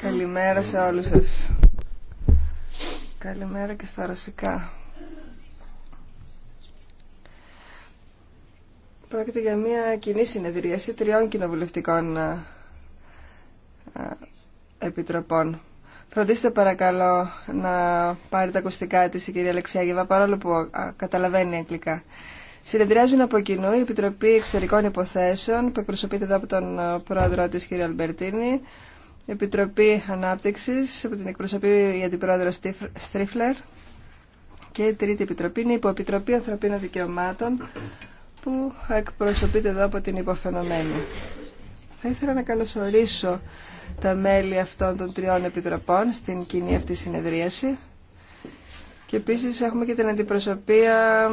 Καλημέρα σε όλους σας. Καλημέρα και στα ρωσικά. Πρόκειται για μια κοινή συνεδρίαση τριών κοινοβουλευτικών επιτροπών. Φροντίστε παρακαλώ να πάρει τα ακουστικά της η κυρία Αλεξιάγεβα, παρόλο που καταλαβαίνει αγγλικά. Συνεδριάζουν από κοινού η Επιτροπή Εξωτερικών Υποθέσεων, που εκπροσωπείται εδώ από τον ε, πρόεδρο τη, κ. Αλμπερτίνη, η Επιτροπή Ανάπτυξη, που την εκπροσωπεί η Αντιπρόεδρο Στρίφλερ, και η Τρίτη Επιτροπή είναι η Υποεπιτροπή Ανθρωπίνων Δικαιωμάτων, που εκπροσωπείται εδώ από την υποφαινομένη. Θα ήθελα να καλωσορίσω τα μέλη αυτών των τριών επιτροπών στην κοινή αυτή συνεδρίαση. Και επίσης έχουμε και την αντιπροσωπεία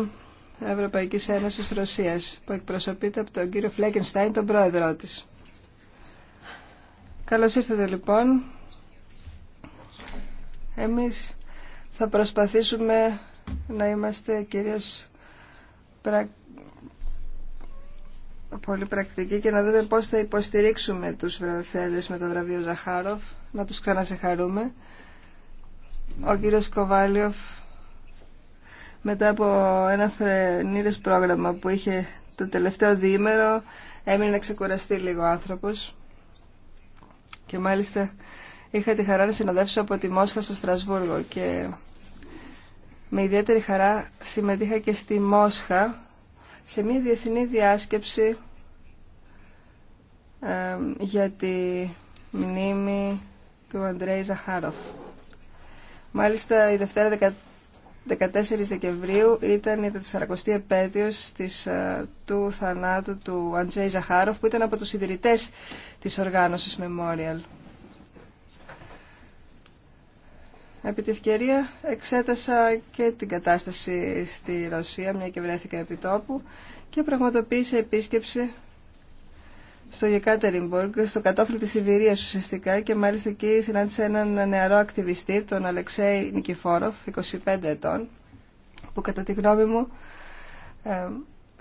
Ευρωπαϊκής Ένωσης Ρωσίας που εκπροσωπείται από τον κύριο Φλέγκενστάιν τον πρόεδρό της. Καλώς ήρθατε λοιπόν. Εμείς θα προσπαθήσουμε να είμαστε κυρίως πολύ πρακτικοί και να δούμε πώς θα υποστηρίξουμε τους βραβευθέντες με το βραβείο Ζαχάροφ, να τους ξανασεχαρούμε. Ο κύριος Κοβάλιοφ μετά από ένα φρενήρες πρόγραμμα που είχε το τελευταίο διήμερο έμεινε να ξεκουραστεί λίγο άνθρωπος και μάλιστα είχα τη χαρά να συνοδεύσω από τη Μόσχα στο Στρασβούργο και με ιδιαίτερη χαρά συμμετείχα και στη Μόσχα σε μια διεθνή διάσκεψη για τη μνήμη του Αντρέη Ζαχάροφ. Μάλιστα η Δευτέρα 14 Δεκεμβρίου ήταν η 40η επέτειος της, ε, του θανάτου του Αντζέι Ζαχάροφ που ήταν από τους ιδρυτές της οργάνωσης Memorial. Επί τη ευκαιρία εξέτασα και την κατάσταση στη Ρωσία, μια και βρέθηκα επί τόπου, και πραγματοποίησε επίσκεψη στο Γεκάτερινμπορκ, στο κατόφλι της Σιβηρίας ουσιαστικά και μάλιστα εκεί συνάντησε έναν νεαρό ακτιβιστή, τον Αλεξέη Νικηφόροφ, 25 ετών, που κατά τη γνώμη μου ε,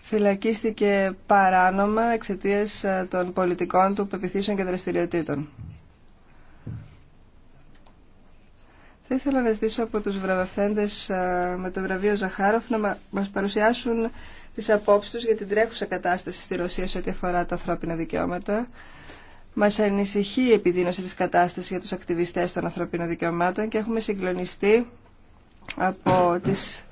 φυλακίστηκε παράνομα εξαιτίας ε, των πολιτικών του πεπιθήσεων και δραστηριοτήτων. Θα ήθελα να ζητήσω από τους βραβευθέντες ε, με το βραβείο Ζαχάροφ να μας παρουσιάσουν τις απόψεις τους για την τρέχουσα κατάσταση στη Ρωσία σε ό,τι αφορά τα ανθρώπινα δικαιώματα. Μας ανησυχεί η επιδείνωση της κατάστασης για τους ακτιβιστές των ανθρωπίνων δικαιωμάτων και έχουμε συγκλονιστεί από τις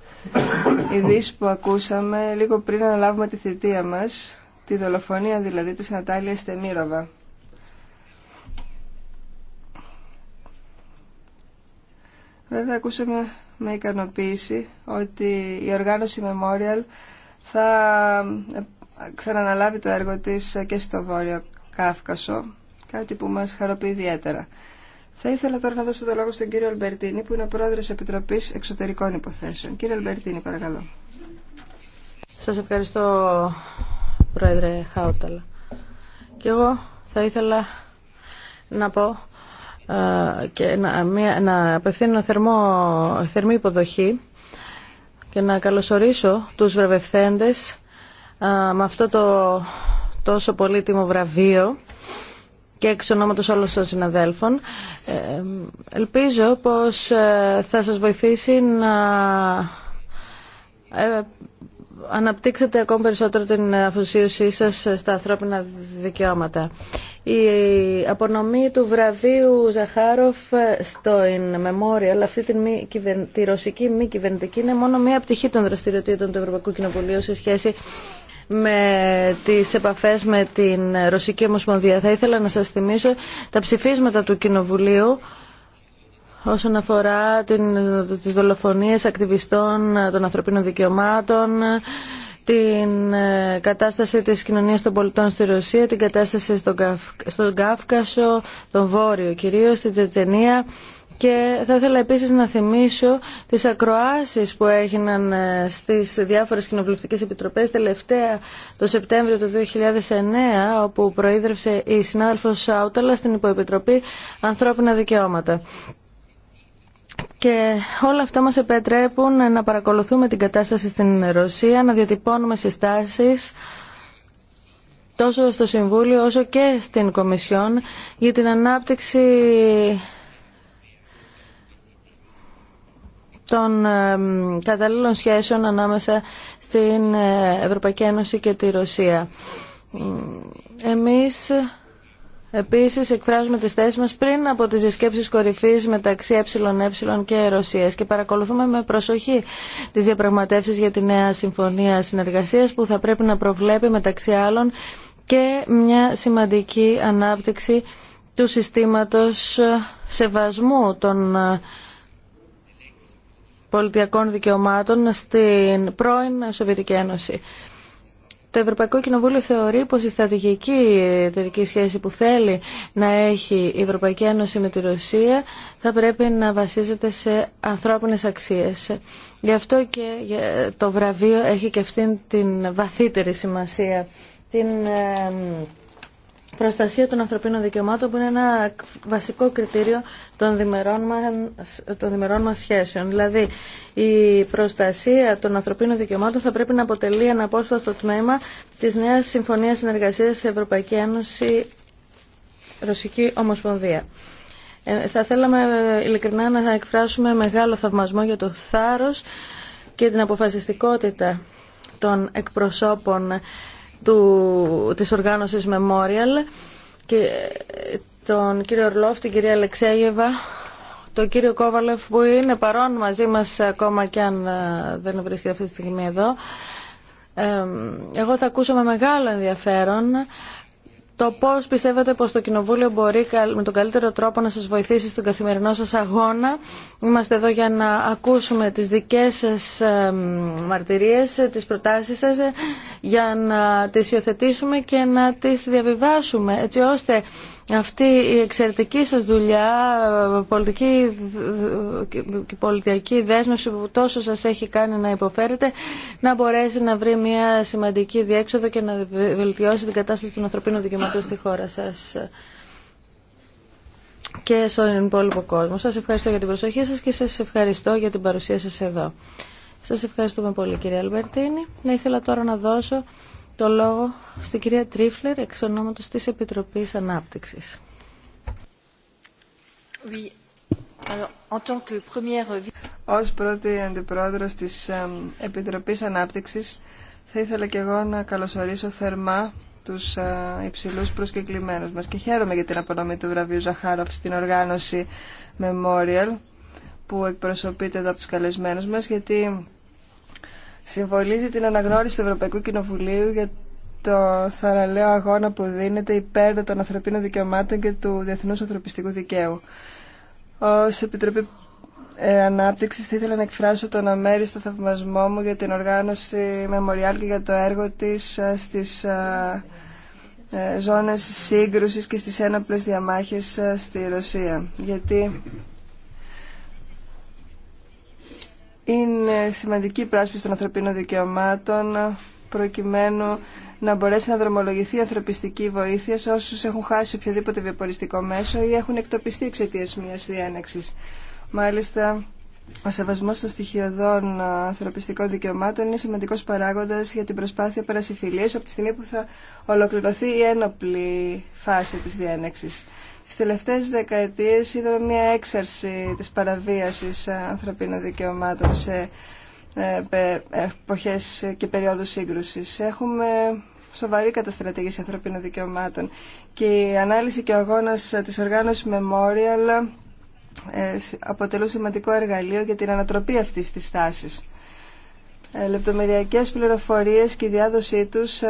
ειδήσει που ακούσαμε λίγο πριν αναλάβουμε τη θητεία μας, τη δολοφονία δηλαδή της Νατάλια Στεμίροβα. Βέβαια ακούσαμε με ικανοποίηση ότι η οργάνωση Memorial θα ε, ξαναναλάβει το έργο της και στο Βόρειο Κάφκασο, κάτι που μας χαροποιεί ιδιαίτερα. Θα ήθελα τώρα να δώσω το λόγο στον κύριο Αλμπερτίνη, που είναι ο πρόεδρος Επιτροπής Εξωτερικών Υποθέσεων. Κύριε Αλμπερτίνη, παρακαλώ. Σας ευχαριστώ, Πρόεδρε Χάουταλα. Και εγώ θα ήθελα να πω ε, και να, μια, να απευθύνω θερμό, θερμή υποδοχή και να καλωσορίσω τους βραβευθέντες με αυτό το τόσο πολύτιμο βραβείο και εξ ονόματος όλων των συναδέλφων. Ε, ελπίζω πως ε, θα σας βοηθήσει να ε, αναπτύξετε ακόμη περισσότερο την αφοσίωσή σας στα ανθρώπινα δικαιώματα. Η απονομή του βραβείου Ζαχάροφ στο In Memorial, αυτή τη, μη, τη ρωσική μη κυβερνητική, είναι μόνο μία πτυχή των δραστηριοτήτων του Ευρωπαϊκού Κοινοβουλίου σε σχέση με τις επαφές με την Ρωσική Ομοσπονδία. Θα ήθελα να σας θυμίσω τα ψηφίσματα του Κοινοβουλίου όσον αφορά την, τις δολοφονίες ακτιβιστών των ανθρωπίνων δικαιωμάτων, την ε, κατάσταση της κοινωνίας των πολιτών στη Ρωσία, την κατάσταση στον, στον Κάφκασο, τον Βόρειο, κυρίως στην Τσετσενία. Και θα ήθελα επίσης να θυμίσω τις ακροάσεις που έγιναν ε, στις διάφορες κοινοβουλευτικές επιτροπές τελευταία το Σεπτέμβριο του 2009 όπου προείδρευσε η συνάδελφος Σάουταλα στην Υποεπιτροπή Ανθρώπινα Δικαιώματα. Και όλα αυτά μας επιτρέπουν να παρακολουθούμε την κατάσταση στην Ρωσία, να διατυπώνουμε συστάσεις τόσο στο Συμβούλιο όσο και στην Κομισιόν για την ανάπτυξη των ε, καταλλήλων σχέσεων ανάμεσα στην ε, Ευρωπαϊκή Ένωση και τη Ρωσία. Εμείς Επίσης εκφράζουμε τι θέσει μας πριν από τις διασκέψεις κορυφής μεταξύ ΕΕ και Ρωσίας και παρακολουθούμε με προσοχή τις διαπραγματεύσει για τη νέα συμφωνία συνεργασίας που θα πρέπει να προβλέπει μεταξύ άλλων και μια σημαντική ανάπτυξη του συστήματος σεβασμού των ε, πολιτιακών δικαιωμάτων στην πρώην Σοβιετική Ένωση το Ευρωπαϊκό Κοινοβούλιο θεωρεί πως η στρατηγική εταιρική σχέση που θέλει να έχει η Ευρωπαϊκή Ένωση με τη Ρωσία θα πρέπει να βασίζεται σε ανθρώπινες αξίες. Γι' αυτό και το βραβείο έχει και αυτήν την βαθύτερη σημασία. Την προστασία των ανθρωπίνων δικαιωμάτων που είναι ένα βασικό κριτήριο των διμερών μας, των διμερών μας σχέσεων. Δηλαδή, η προστασία των ανθρωπίνων δικαιωμάτων θα πρέπει να αποτελεί ένα απόσπαστο τμήμα της νέας Συμφωνίας Συνεργασίας Ευρωπαϊκή Ένωση Ρωσική Ομοσπονδία. Ε, θα θέλαμε ε, ειλικρινά να εκφράσουμε μεγάλο θαυμασμό για το θάρρος και την αποφασιστικότητα των εκπροσώπων του, της οργάνωσης Memorial και τον κύριο Ορλόφ, την κυρία Αλεξέγεβα, τον κύριο Κόβαλεφ που είναι παρόν μαζί μας ακόμα και αν ε, δεν βρίσκεται αυτή τη στιγμή εδώ. Ε, εγώ θα ακούσω με μεγάλο ενδιαφέρον το πώς πιστεύετε πως το Κοινοβούλιο μπορεί με τον καλύτερο τρόπο να σας βοηθήσει στον καθημερινό σας αγώνα. Είμαστε εδώ για να ακούσουμε τις δικέ σα μαρτυρίες, τις προτάσεις σας, για να τι υιοθετήσουμε και να τις διαβιβάσουμε, έτσι ώστε αυτή η εξαιρετική σας δουλειά, πολιτική και πολιτική δέσμευση που τόσο σας έχει κάνει να υποφέρετε, να μπορέσει να βρει μια σημαντική διέξοδο και να βελτιώσει την κατάσταση των ανθρωπίνων δικαιωμάτων στη χώρα σας και στον υπόλοιπο κόσμο. Σας ευχαριστώ για την προσοχή σας και σας ευχαριστώ για την παρουσία σας εδώ. Σας ευχαριστούμε πολύ κύριε Αλμπερτίνη. Να ήθελα τώρα να δώσω το λόγο στην κυρία Τρίφλερ, εξ ονόματος της Επιτροπής Ανάπτυξης. Oui. Ως πρώτη αντιπρόεδρος της Επιτροπής Ανάπτυξης θα ήθελα και εγώ να καλωσορίσω θερμά τους ε, υψηλούς προσκεκλημένους μας και χαίρομαι για την απονομή του βραβείου Ζαχάροφ στην οργάνωση Memorial που εκπροσωπείται εδώ από τους καλεσμένους μας γιατί Συμβολίζει την αναγνώριση του Ευρωπαϊκού Κοινοβουλίου για το θαραλέο αγώνα που δίνεται υπέρ των ανθρωπίνων δικαιωμάτων και του διεθνούς ανθρωπιστικού δικαίου. Ω Επιτροπή ε, ανάπτυξη θα ήθελα να εκφράσω τον αμέριστο θαυμασμό μου για την οργάνωση Memorial και για το έργο της ε, στις ε, ζώνες σύγκρουσης και στις ένοπλες διαμάχες στη Ρωσία. είναι σημαντική πράσπιση των ανθρωπίνων δικαιωμάτων προκειμένου να μπορέσει να δρομολογηθεί η ανθρωπιστική βοήθεια σε όσους έχουν χάσει οποιοδήποτε βιοποριστικό μέσο ή έχουν εκτοπιστεί εξαιτία μιας διένεξης. Μάλιστα, ο σεβασμό των στοιχειωδών ε, ανθρωπιστικών δικαιωμάτων είναι σημαντικό παράγοντα για την προσπάθεια παρασυφιλία από τη στιγμή που θα ολοκληρωθεί η ένοπλη φάση τη διένεξη. Στις τελευταίες δεκαετίες είδαμε μια έξαρση της παραβίασης ανθρωπίνων δικαιωμάτων σε ε, ε, εποχές και περίοδους σύγκρουσης. Έχουμε σοβαρή καταστρατήγηση ανθρωπίνων δικαιωμάτων και η ανάλυση και ο αγώνας της οργάνωσης Memorial ε, αποτελούν σημαντικό εργαλείο για την ανατροπή αυτής της τάσης. Λεπτομεριακές πληροφορίες και η διάδοσή τους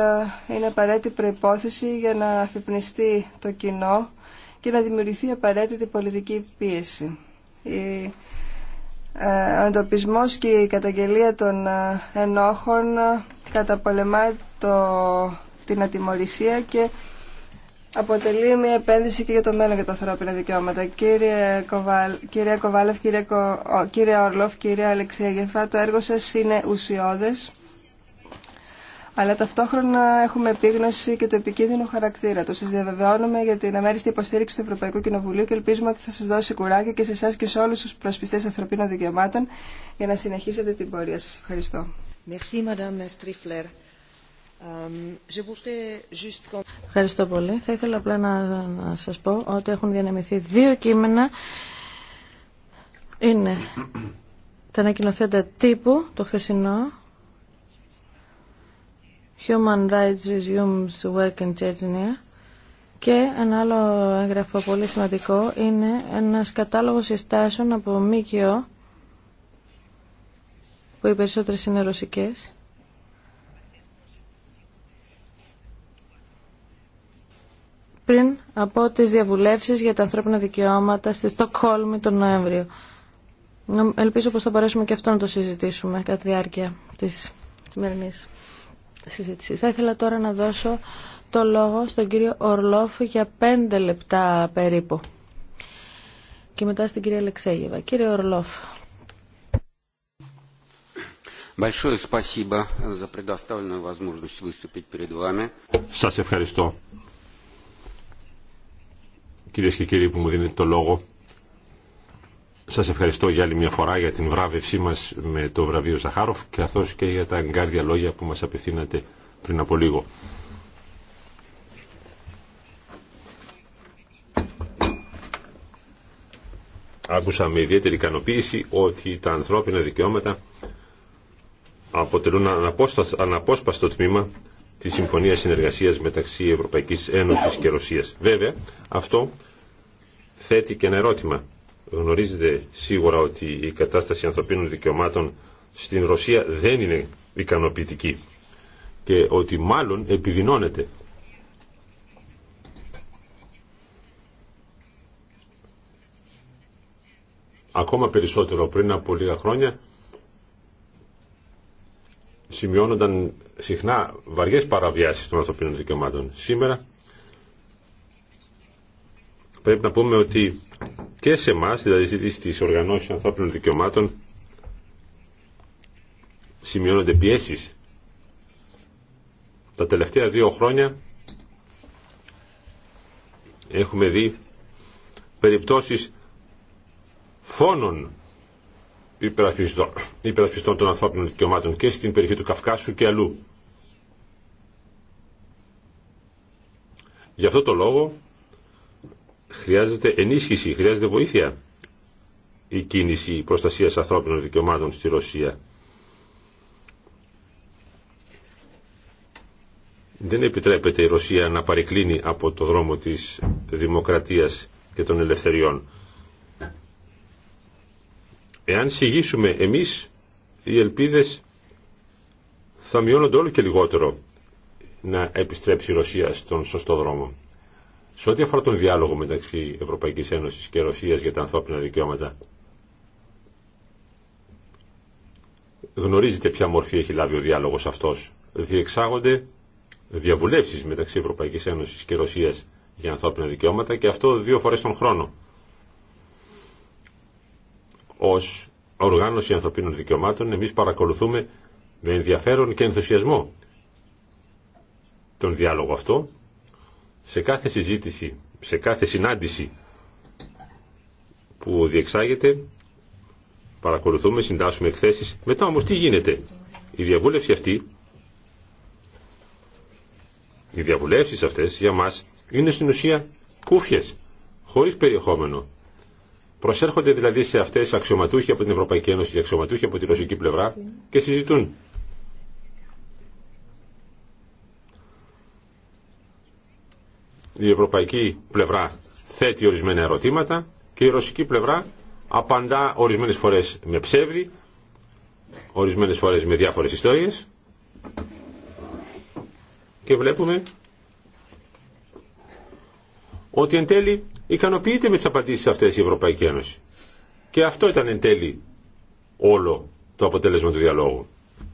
είναι απαραίτητη προϋπόθεση για να αφυπνιστεί το κοινό και να δημιουργηθεί απαραίτητη πολιτική πίεση. Ε, ο εντοπισμό και η καταγγελία των ε, ενόχων ε, καταπολεμά το, την ατιμορρησία και αποτελεί μια επένδυση και για το μέλλον για τα ανθρώπινα δικαιώματα. Κύριε Κοβάλ, κυρία Κοβάλεφ, κύριε, Κο, κύριε Ορλοφ, κύριε Αλεξία Γεφά, το έργο σας είναι ουσιώδες αλλά ταυτόχρονα έχουμε επίγνωση και το επικίνδυνο χαρακτήρα του. Σα διαβεβαιώνουμε για την αμέριστη υποστήριξη του Ευρωπαϊκού Κοινοβουλίου και ελπίζουμε ότι θα σα δώσει κουράγιο και σε εσά και σε όλου του προσπιστέ ανθρωπίνων δικαιωμάτων για να συνεχίσετε την πορεία σα. Ευχαριστώ. Ευχαριστώ πολύ. Θα ήθελα απλά να, να σας πω ότι έχουν διανεμηθεί δύο κείμενα. Είναι τα ανακοινωθέντα τύπου, το χθεσινό, Human Rights Resumes Work in Chechnya και ένα άλλο έγγραφο πολύ σημαντικό είναι ένας κατάλογος συστάσεων από ΜΚΟ που οι περισσότερες είναι ρωσικές πριν από τις διαβουλεύσεις για τα ανθρώπινα δικαιώματα στη Στοκχόλμη τον Νοέμβριο. Ελπίζω πως θα μπορέσουμε και αυτό να το συζητήσουμε κατά τη διάρκεια της σημερινής. Θα ήθελα τώρα να δώσω το λόγο στον κύριο Ορλόφ για πέντε λεπτά περίπου. Και μετά στην κυρία Λεξέγεβα. Κύριε Ορλόφ. Σας ευχαριστώ. Κυρίες και κύριοι που μου δίνετε το λόγο, σας ευχαριστώ για άλλη μια φορά για την βράβευσή μας με το βραβείο Ζαχάροφ καθώ και για τα εγκάρδια λόγια που μας απευθύνατε πριν από λίγο. Άκουσα με ιδιαίτερη ικανοποίηση ότι τα ανθρώπινα δικαιώματα αποτελούν αναπόσπαστο τμήμα της Συμφωνίας Συνεργασίας μεταξύ Ευρωπαϊκής Ένωσης και Ρωσίας. Βέβαια, αυτό θέτει και ένα ερώτημα Γνωρίζετε σίγουρα ότι η κατάσταση ανθρωπίνων δικαιωμάτων στην Ρωσία δεν είναι ικανοποιητική και ότι μάλλον επιδεινώνεται. Ακόμα περισσότερο πριν από λίγα χρόνια σημειώνονταν συχνά βαριές παραβιάσεις των ανθρωπίνων δικαιωμάτων. Σήμερα πρέπει να πούμε ότι και σε εμά, δηλαδή στι οργανώσει ανθρώπινων δικαιωμάτων, σημειώνονται πιέσει. Τα τελευταία δύο χρόνια έχουμε δει περιπτώσεις φόνων υπερασπιστών, των ανθρώπινων δικαιωμάτων και στην περιοχή του Καυκάσου και αλλού. Γι' αυτό το λόγο Χρειάζεται ενίσχυση, χρειάζεται βοήθεια η κίνηση προστασίας ανθρώπινων δικαιωμάτων στη Ρωσία. Δεν επιτρέπεται η Ρωσία να παρεκκλίνει από το δρόμο της δημοκρατίας και των ελευθεριών. Εάν συγγύσουμε εμείς, οι ελπίδες θα μειώνονται όλο και λιγότερο να επιστρέψει η Ρωσία στον σωστό δρόμο. Σε ό,τι αφορά τον διάλογο μεταξύ Ευρωπαϊκής Ένωσης και Ρωσίας για τα ανθρώπινα δικαιώματα, γνωρίζετε ποια μορφή έχει λάβει ο διάλογος αυτός. Διεξάγονται διαβουλεύσεις μεταξύ Ευρωπαϊκής Ένωσης και Ρωσίας για ανθρώπινα δικαιώματα και αυτό δύο φορές τον χρόνο. Ως οργάνωση ανθρωπίνων δικαιωμάτων εμείς παρακολουθούμε με ενδιαφέρον και ενθουσιασμό τον διάλογο αυτό σε κάθε συζήτηση, σε κάθε συνάντηση που διεξάγεται, παρακολουθούμε, συντάσσουμε εκθέσεις. Μετά όμως τι γίνεται. Η διαβούλευση αυτή, οι διαβουλεύσεις αυτές για μας είναι στην ουσία κούφιες, χωρίς περιεχόμενο. Προσέρχονται δηλαδή σε αυτές αξιωματούχοι από την Ευρωπαϊκή Ένωση και αξιωματούχοι από τη Ρωσική πλευρά και συζητούν η ευρωπαϊκή πλευρά θέτει ορισμένα ερωτήματα και η ρωσική πλευρά απαντά ορισμένες φορές με ψεύδι, ορισμένες φορές με διάφορες ιστορίες και βλέπουμε ότι εν τέλει ικανοποιείται με τις απαντήσεις αυτές η Ευρωπαϊκή Ένωση. Και αυτό ήταν εν τέλει όλο το αποτέλεσμα του διαλόγου.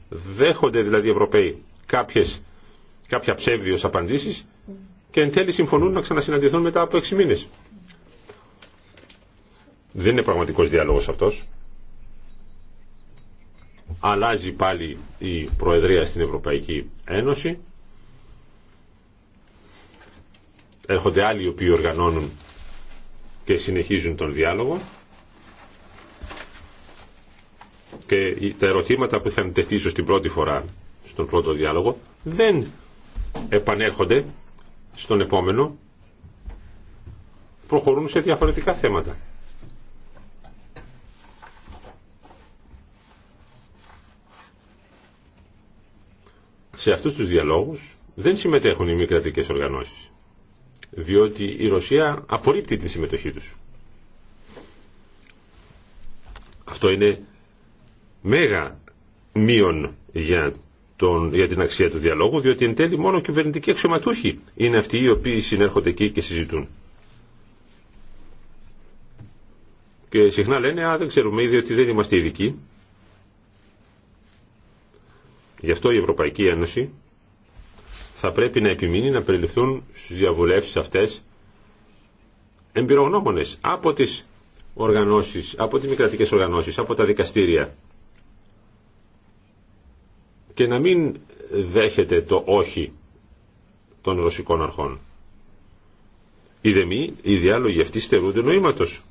Δέχονται δηλαδή οι Ευρωπαίοι κάποιες, κάποια ψεύδιος απαντήσεις και εν τέλει συμφωνούν να ξανασυναντηθούν μετά από έξι μήνες. Δεν είναι πραγματικός διάλογος αυτός. Αλλάζει πάλι η Προεδρία στην Ευρωπαϊκή Ένωση. Έρχονται άλλοι οι οποίοι οργανώνουν και συνεχίζουν τον διάλογο. Και τα ερωτήματα που είχαν τεθεί στην πρώτη φορά στον πρώτο διάλογο δεν επανέρχονται στον επόμενο προχωρούν σε διαφορετικά θέματα. Σε αυτούς τους διαλόγους δεν συμμετέχουν οι μη κρατικέ οργανώσεις, διότι η Ρωσία απορρίπτει τη συμμετοχή τους. Αυτό είναι μέγα μείον για τον, για την αξία του διαλόγου, διότι εν τέλει μόνο κυβερνητικοί αξιωματούχοι είναι αυτοί οι οποίοι συνέρχονται εκεί και συζητούν. Και συχνά λένε, α, δεν ξέρουμε ήδη ότι δεν είμαστε ειδικοί. Γι' αυτό η Ευρωπαϊκή Ένωση θα πρέπει να επιμείνει να περιληφθούν στις διαβουλεύσεις αυτές εμπειρογνώμονες από τις οργανώσεις, από τις μη οργανώσεις, από τα δικαστήρια, και να μην δέχεται το όχι των ρωσικών αρχών. Οι δεμοί, οι διάλογοι αυτοί στερούνται νοήματος.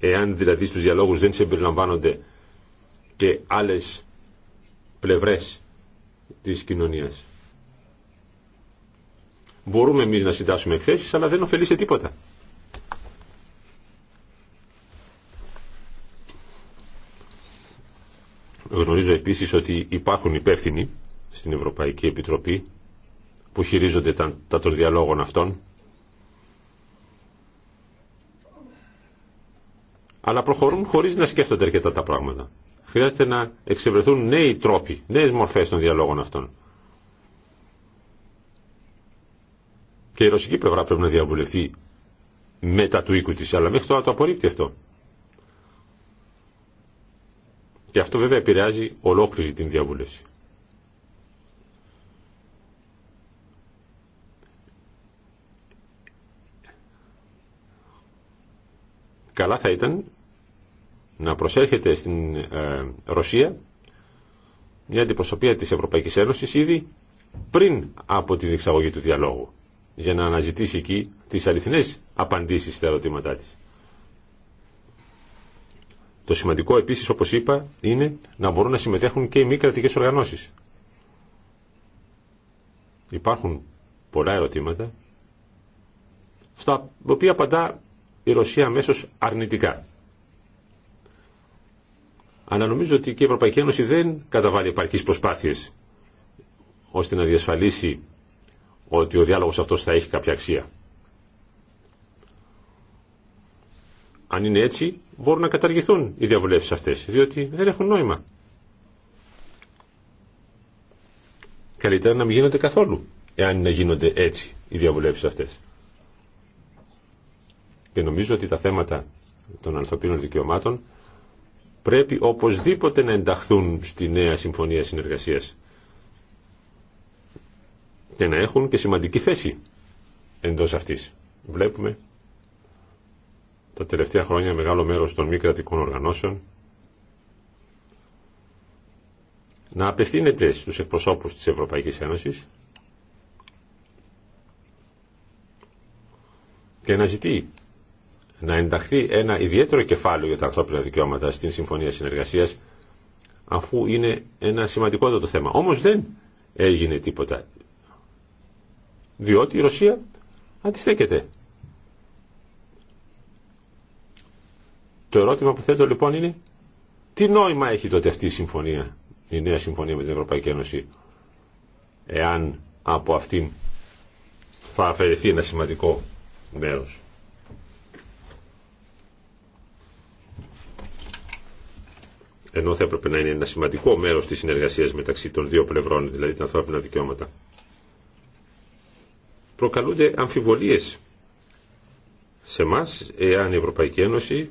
Εάν δηλαδή στους διαλόγους δεν συμπεριλαμβάνονται και άλλες πλευρές της κοινωνίας. Μπορούμε εμείς να συντάσσουμε εκθέσεις, αλλά δεν ωφελεί σε τίποτα. Γνωρίζω επίσης ότι υπάρχουν υπεύθυνοι στην Ευρωπαϊκή Επιτροπή που χειρίζονται τα, τα των διαλόγων αυτών. Αλλά προχωρούν χωρίς να σκέφτονται αρκετά τα πράγματα. Χρειάζεται να εξευρεθούν νέοι τρόποι, νέες μορφές των διαλόγων αυτών. Και η ρωσική πλευρά πρέπει να διαβουλευτεί μετά του οίκου της, αλλά μέχρι τώρα το απορρίπτει αυτό. Και αυτό βέβαια επηρεάζει ολόκληρη την διαβούλευση. Καλά θα ήταν να προσέρχεται στην ε, Ρωσία μια αντιπροσωπεία της Ευρωπαϊκής Ένωσης ήδη πριν από την εξαγωγή του διαλόγου για να αναζητήσει εκεί τις αληθινές απαντήσεις στα ερωτήματά της. Το σημαντικό επίσης, όπως είπα, είναι να μπορούν να συμμετέχουν και οι μη κρατικέ οργανώσεις. Υπάρχουν πολλά ερωτήματα, στα οποία απαντά η Ρωσία αμέσω αρνητικά. νομίζω ότι και η Ευρωπαϊκή Ένωση δεν καταβάλει επαρκείς προσπάθειες ώστε να διασφαλίσει ότι ο διάλογος αυτός θα έχει κάποια αξία. Αν είναι έτσι, μπορούν να καταργηθούν οι διαβουλεύσεις αυτές, διότι δεν έχουν νόημα. Καλύτερα να μην γίνονται καθόλου, εάν να γίνονται έτσι οι διαβουλεύσεις αυτές. Και νομίζω ότι τα θέματα των ανθρωπίνων δικαιωμάτων πρέπει οπωσδήποτε να ενταχθούν στη νέα συμφωνία συνεργασίας και να έχουν και σημαντική θέση εντός αυτής. Βλέπουμε τα τελευταία χρόνια μεγάλο μέρος των μη κρατικών οργανώσεων να απευθύνεται στους εκπροσώπους της Ευρωπαϊκής Ένωσης και να ζητεί να ενταχθεί ένα ιδιαίτερο κεφάλαιο για τα ανθρώπινα δικαιώματα στην Συμφωνία Συνεργασίας αφού είναι ένα σημαντικότατο θέμα. Όμως δεν έγινε τίποτα διότι η Ρωσία αντιστέκεται. Το ερώτημα που θέτω λοιπόν είναι τι νόημα έχει τότε αυτή η συμφωνία, η νέα συμφωνία με την Ευρωπαϊκή Ένωση, εάν από αυτήν θα αφαιρεθεί ένα σημαντικό μέρος. ενώ θα έπρεπε να είναι ένα σημαντικό μέρος της συνεργασίας μεταξύ των δύο πλευρών, δηλαδή τα ανθρώπινα δικαιώματα. Προκαλούνται αμφιβολίες σε εμά, εάν η Ευρωπαϊκή Ένωση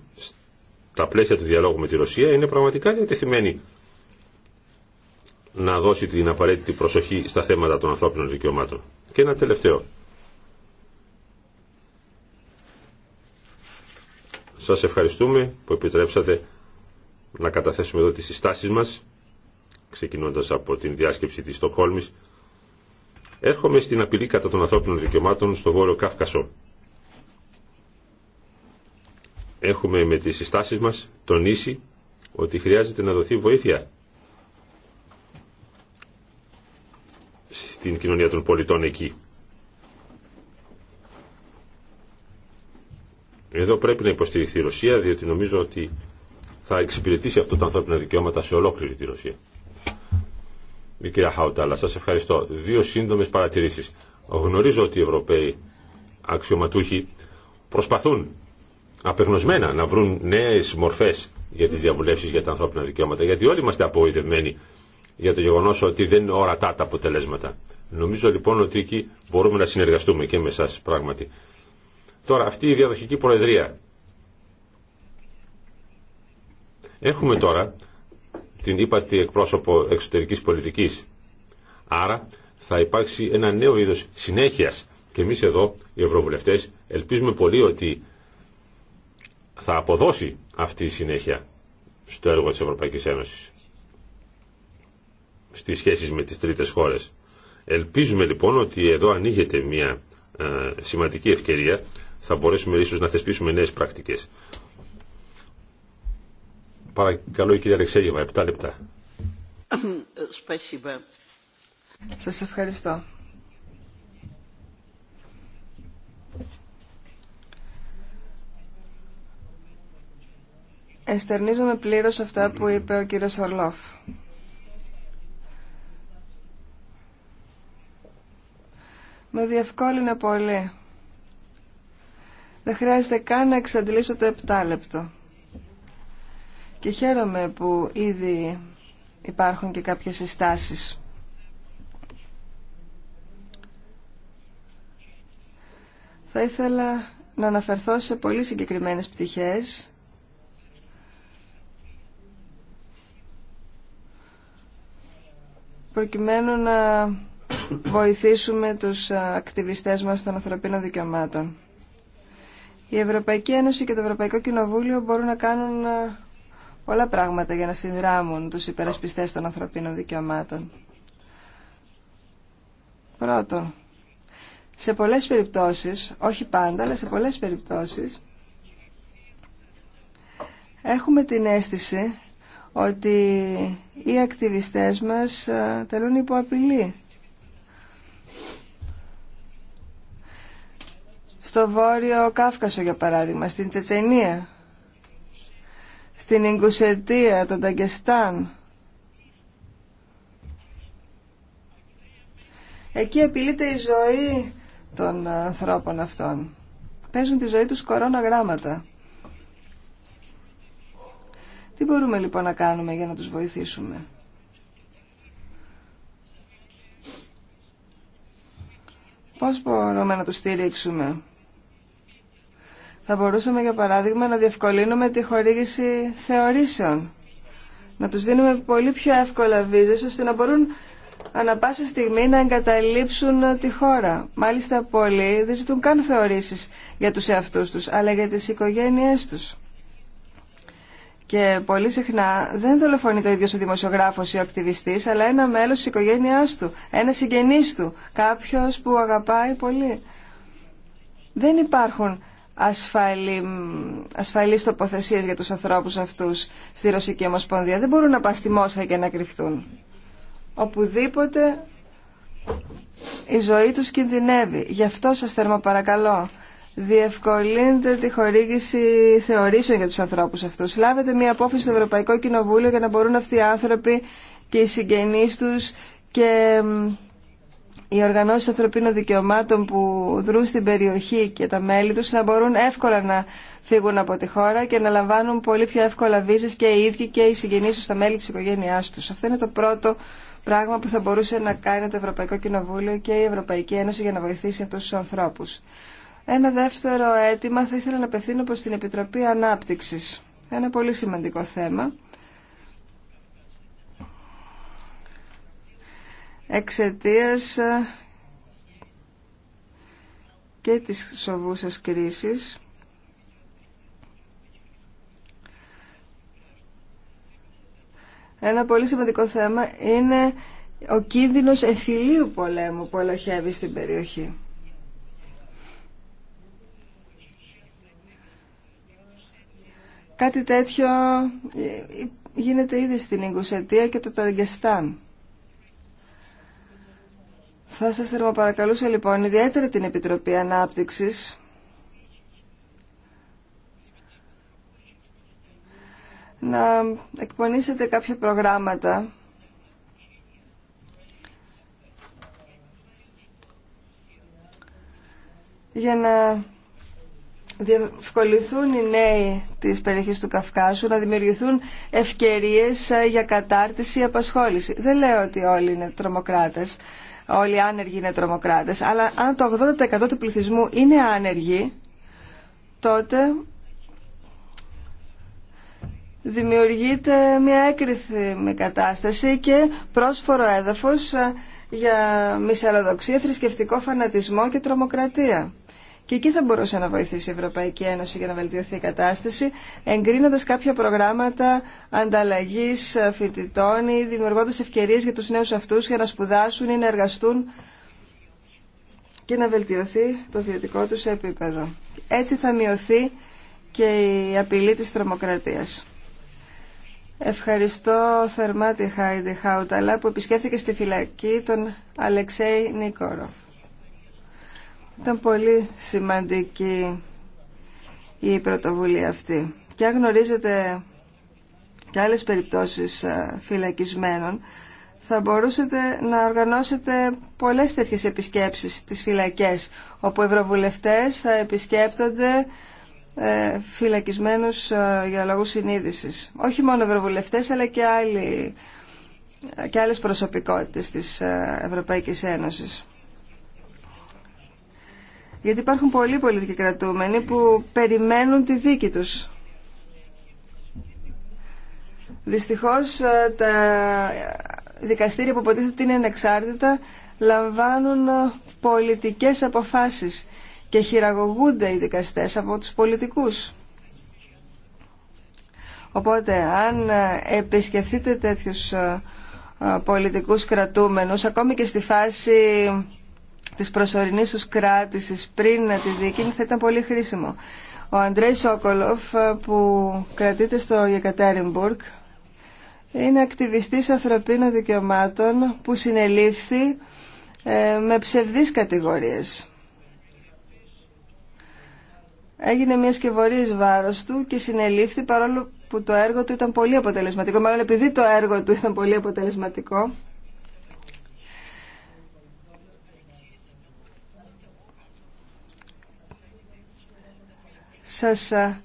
τα πλαίσια του διαλόγου με τη Ρωσία είναι πραγματικά διατεθειμένη να δώσει την απαραίτητη προσοχή στα θέματα των ανθρώπινων δικαιωμάτων. Και ένα τελευταίο. Σας ευχαριστούμε που επιτρέψατε να καταθέσουμε εδώ τις συστάσεις μας, ξεκινώντας από την διάσκεψη της Στοκχόλμης. Έρχομαι στην απειλή κατά των ανθρώπινων δικαιωμάτων στο Βόρειο Καύκασο έχουμε με τις συστάσεις μας τονίσει ότι χρειάζεται να δοθεί βοήθεια στην κοινωνία των πολιτών εκεί. Εδώ πρέπει να υποστηριχθεί η Ρωσία, διότι νομίζω ότι θα εξυπηρετήσει αυτό τα ανθρώπινα δικαιώματα σε ολόκληρη τη Ρωσία. Η κυρία Χαουτάλα, σας ευχαριστώ. Δύο σύντομες παρατηρήσεις. Γνωρίζω ότι οι Ευρωπαίοι αξιωματούχοι προσπαθούν απεγνωσμένα να βρουν νέε μορφέ για τι διαβουλεύσεις για τα ανθρώπινα δικαιώματα. Γιατί όλοι είμαστε απογοητευμένοι για το γεγονό ότι δεν είναι ορατά τα αποτελέσματα. Νομίζω λοιπόν ότι εκεί μπορούμε να συνεργαστούμε και με εσά πράγματι. Τώρα αυτή η διαδοχική προεδρία. Έχουμε τώρα την ύπατη εκπρόσωπο εξωτερικής πολιτικής. Άρα θα υπάρξει ένα νέο είδος συνέχειας. Και εμείς εδώ, οι Ευρωβουλευτές, ελπίζουμε πολύ ότι θα αποδώσει αυτή η συνέχεια στο έργο της Ευρωπαϊκής Ένωσης στις σχέσεις με τις τρίτες χώρες. Ελπίζουμε λοιπόν ότι εδώ ανοίγεται μια ε, σημαντική ευκαιρία θα μπορέσουμε ίσως να θεσπίσουμε νέες πρακτικές. Παρακαλώ η κυρία Αλεξέγεβα, 7 λεπτά. Σας ευχαριστώ. Εστερνίζομαι πλήρως αυτά που είπε ο κύριος Ορλόφ. Με διευκόλυνε πολύ. Δεν χρειάζεται καν να εξαντλήσω το επτάλεπτο. Και χαίρομαι που ήδη υπάρχουν και κάποιες συστάσεις. Θα ήθελα να αναφερθώ σε πολύ συγκεκριμένες πτυχές προκειμένου να βοηθήσουμε τους ακτιβιστές μας των ανθρωπίνων δικαιωμάτων. Η Ευρωπαϊκή Ένωση και το Ευρωπαϊκό Κοινοβούλιο μπορούν να κάνουν πολλά πράγματα για να συνδράμουν τους υπερασπιστές των ανθρωπίνων δικαιωμάτων. Πρώτον, σε πολλές περιπτώσεις, όχι πάντα, αλλά σε πολλές περιπτώσεις, έχουμε την αίσθηση ότι οι ακτιβιστές μας ε, τελούν υπό απειλή. Στο Βόρειο Κάφκασο, για παράδειγμα, στην Τσετσενία, στην Ιγκουσετία, τον Ταγκεστάν. Εκεί απειλείται η ζωή των ανθρώπων αυτών. Παίζουν τη ζωή τους κορώνα γράμματα. Τι μπορούμε λοιπόν να κάνουμε για να τους βοηθήσουμε. Πώς μπορούμε να τους στηρίξουμε. Θα μπορούσαμε για παράδειγμα να διευκολύνουμε τη χορήγηση θεωρήσεων. Να τους δίνουμε πολύ πιο εύκολα βίζες ώστε να μπορούν ανα πάσα στιγμή να εγκαταλείψουν τη χώρα. Μάλιστα πολλοί δεν ζητούν καν θεωρήσεις για τους εαυτούς τους αλλά για τις οικογένειές τους. Και πολύ συχνά δεν δολοφονεί το ίδιο ο δημοσιογράφο ή ο ακτιβιστή, αλλά ένα μέλο τη οικογένειά του, ένα συγγενή του, κάποιο που αγαπάει πολύ. Δεν υπάρχουν ασφαλεί, ασφαλείς τοποθεσίες για τους ανθρώπου αυτούς στη Ρωσική Ομοσπονδία. Δεν μπορούν να πάνε στη Μόσχα και να κρυφτούν. Οπουδήποτε η ζωή τους κινδυνεύει. Γι' αυτό σας θερμοπαρακαλώ διευκολύνεται τη χορήγηση θεωρήσεων για τους ανθρώπους αυτούς. Λάβετε μια απόφαση στο Ευρωπαϊκό Κοινοβούλιο για να μπορούν αυτοί οι άνθρωποι και οι συγγενείς τους και οι οργανώσεις ανθρωπίνων δικαιωμάτων που δρούν στην περιοχή και τα μέλη τους να μπορούν εύκολα να φύγουν από τη χώρα και να λαμβάνουν πολύ πιο εύκολα βίζες και οι ίδιοι και οι συγγενείς τους, τα μέλη της οικογένειάς τους. Αυτό είναι το πρώτο πράγμα που θα μπορούσε να κάνει το Ευρωπαϊκό Κοινοβούλιο και η Ευρωπαϊκή Ένωση για να βοηθήσει αυτούς τους ανθρώπους. Ένα δεύτερο αίτημα θα ήθελα να απευθύνω προς την Επιτροπή Ανάπτυξης. Ένα πολύ σημαντικό θέμα. Εξαιτίας ε, και της σοβούσας κρίσης Ένα πολύ σημαντικό θέμα είναι ο κίνδυνος εμφυλίου πολέμου που ελοχεύει στην περιοχή. Κάτι τέτοιο γίνεται ήδη στην Ιγκουσιατία και το Ταγκεστάν. Θα σας θερμοπαρακαλούσα λοιπόν ιδιαίτερα την Επιτροπή Ανάπτυξης να εκπονήσετε κάποια προγράμματα για να διευκολυθούν οι νέοι της περιοχής του Καυκάσου, να δημιουργηθούν ευκαιρίες ε, για κατάρτιση ή απασχόληση. Δεν λέω ότι όλοι είναι τρομοκράτες, όλοι οι άνεργοι είναι τρομοκράτες, αλλά αν το 80% του πληθυσμού είναι άνεργοι, τότε δημιουργείται μια με κατάσταση και πρόσφορο έδαφος ε, για μισαροδοξία, θρησκευτικό φανατισμό και τρομοκρατία. Και εκεί θα μπορούσε να βοηθήσει η Ευρωπαϊκή Ένωση για να βελτιωθεί η κατάσταση, εγκρίνοντας κάποια προγράμματα ανταλλαγής φοιτητών ή δημιουργώντας ευκαιρίες για τους νέους αυτούς για να σπουδάσουν ή να εργαστούν και να βελτιωθεί το βιωτικό τους επίπεδο. Έτσι θα μειωθεί και η απειλή της τρομοκρατίας. Ευχαριστώ θερμά τη Χάιντι Χάουταλα που επισκέφθηκε στη φυλακή τον Αλεξέη Νίκοροφ. Ήταν πολύ σημαντική η πρωτοβουλία αυτή. Και αν γνωρίζετε και άλλες περιπτώσεις ε, φυλακισμένων, θα μπορούσατε να οργανώσετε πολλές τέτοιες επισκέψεις στις φυλακές, όπου ευρωβουλευτές θα επισκέπτονται ε, φυλακισμένους ε, για λόγους συνείδησης. Όχι μόνο ευρωβουλευτές, αλλά και, άλλοι, και άλλες προσωπικότητες της Ευρωπαϊκής Ένωσης. Γιατί υπάρχουν πολλοί πολιτικοί κρατούμενοι που περιμένουν τη δίκη τους. Δυστυχώς ε, τα δικαστήρια που υποτίθεται είναι ανεξάρτητα λαμβάνουν ε, πολιτικές αποφάσεις και χειραγωγούνται οι δικαστές από τους πολιτικούς. Οπότε αν ε, επισκεφθείτε τέτοιους πολιτικούς κρατούμενους, ακόμη και στη φάση της προσωρινής τους κράτησης πριν τη δίκη θα ήταν πολύ χρήσιμο. Ο Αντρέι Σόκολοφ ε, που κρατείται στο Γεκατέρινμπουργκ είναι ακτιβιστής ανθρωπίνων δικαιωμάτων που συνελήφθη ε, με ψευδείς κατηγορίες. Έγινε μια σκευωρή βάρος του και συνελήφθη παρόλο που το έργο του ήταν πολύ αποτελεσματικό. Μάλλον επειδή το έργο του ήταν πολύ αποτελεσματικό, Σας ε,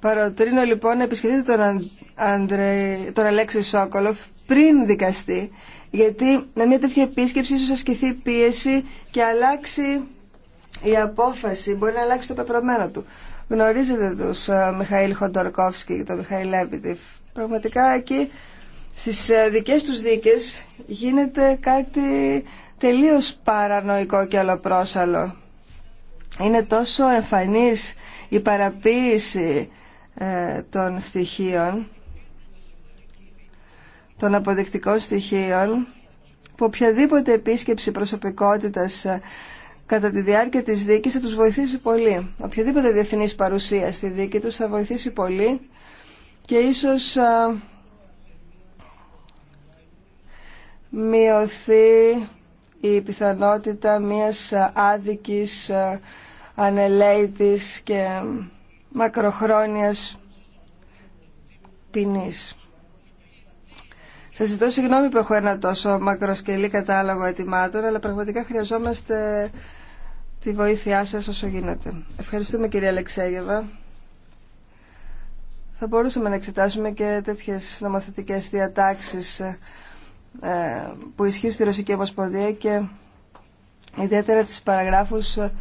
παροτρύνω λοιπόν να επισκεφτείτε τον, Άντρε, τον Αλέξη Σόκολοφ πριν δικαστεί, γιατί με μια τέτοια επίσκεψη ίσως ασκηθεί πίεση και αλλάξει η απόφαση, μπορεί να αλλάξει το πεπρωμένο του. Γνωρίζετε τους ε, Μιχαήλ Χοντορκόφσκι και τον Μιχαήλ Έπιτιφ. Πραγματικά εκεί στις ε, δικές τους δίκες γίνεται κάτι τελείως παρανοϊκό και αλλοπρόσαλο είναι τόσο εμφανής η παραποίηση ε, των στοιχείων, των αποδεικτικών στοιχείων, που οποιαδήποτε επίσκεψη προσωπικότητας ε, κατά τη διάρκεια της δίκης θα τους βοηθήσει πολύ. Οποιαδήποτε διεθνής παρουσία στη δίκη τους θα βοηθήσει πολύ και ίσως ε, μειωθεί η πιθανότητα μιας άδικης ανελαίτης και μακροχρόνιας ποινής. Σας ζητώ συγγνώμη που έχω ένα τόσο μακροσκελή κατάλογο ετοιμάτων, αλλά πραγματικά χρειαζόμαστε τη βοήθειά σας όσο γίνεται. Ευχαριστούμε κυρία Αλεξέγεβα. Θα μπορούσαμε να εξετάσουμε και τέτοιες νομοθετικές διατάξεις ε, που ισχύουν στη Ρωσική Ομοσπονδία και ιδιαίτερα τις παραγράφους ε,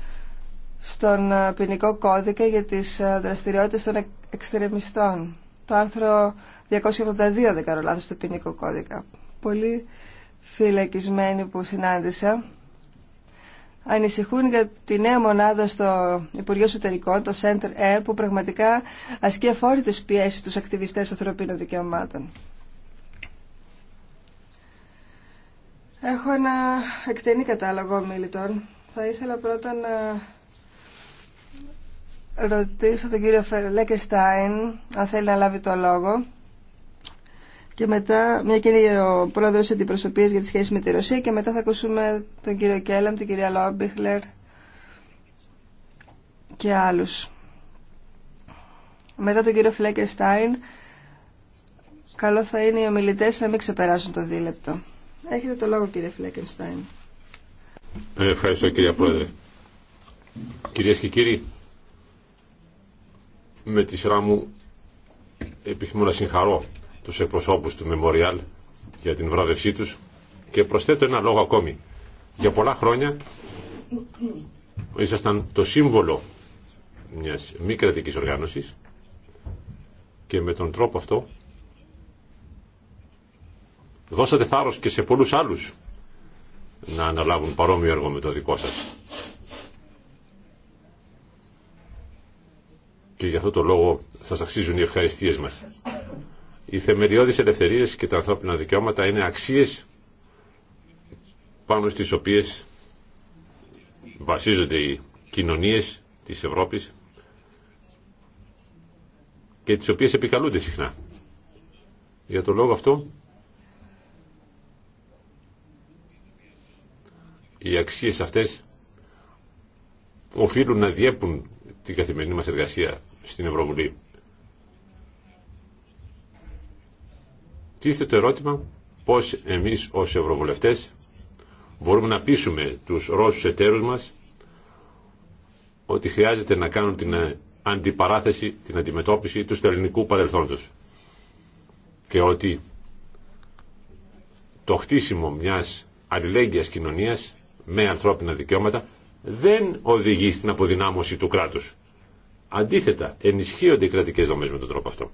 στον ε, ποινικό κώδικα για τις ε, δραστηριότητες των εξτρεμιστών. Το άρθρο 282, δεν κάνω λάθος, του ποινικού κώδικα. Πολύ φυλακισμένοι που συνάντησα ανησυχούν για τη νέα μονάδα στο Υπουργείο Σωτερικών, το Center E, που πραγματικά ασκεί αφόρητες πιέσεις στους ακτιβιστές ανθρωπίνων δικαιωμάτων. Έχω ένα εκτενή κατάλογο ομιλητών. Θα ήθελα πρώτα να ρωτήσω τον κύριο Φλέκεσταϊν αν θέλει να λάβει το λόγο και μετά μια κυρία ο πρόεδρος αντιπροσωπείας για τη σχέση με τη Ρωσία και μετά θα ακούσουμε τον κύριο Κέλλαμ την κυρία Λόμπιχλερ και άλλους. Μετά τον κύριο Φλέκεστάιν, καλό θα είναι οι ομιλητές να μην ξεπεράσουν το δίλεπτο. Έχετε το λόγο κύριε Φλέκεστάιν. Ε, ευχαριστώ κύριε Πρόεδρε. Κυρίες και κύριοι, με τη σειρά μου επιθυμώ να συγχαρώ τους εκπροσώπους του μεμορίαλ για την βράβευσή τους και προσθέτω ένα λόγο ακόμη. Για πολλά χρόνια ήσασταν το σύμβολο μιας μη κρατικής οργάνωσης και με τον τρόπο αυτό δώσατε θάρρος και σε πολλούς άλλους να αναλάβουν παρόμοιο έργο με το δικό σας. και γι' αυτό το λόγο σας αξίζουν οι ευχαριστίες μας. Οι θεμελιώδεις ελευθερίες και τα ανθρώπινα δικαιώματα είναι αξίες πάνω στις οποίες βασίζονται οι κοινωνίες της Ευρώπης και τις οποίες επικαλούνται συχνά. Για τον λόγο αυτό οι αξίες αυτές οφείλουν να διέπουν την καθημερινή μας εργασία στην Ευρωβουλή. Τίθεται το ερώτημα πώς εμείς ως Ευρωβουλευτές μπορούμε να πείσουμε τους Ρώσους εταίρους μας ότι χρειάζεται να κάνουν την αντιπαράθεση, την αντιμετώπιση του στελνικού παρελθόντος και ότι το χτίσιμο μιας αλληλέγγυας κοινωνίας με ανθρώπινα δικαιώματα δεν οδηγεί στην αποδυνάμωση του κράτους. Αντίθετα, ενισχύονται οι κρατικές δομές με τον τρόπο αυτό.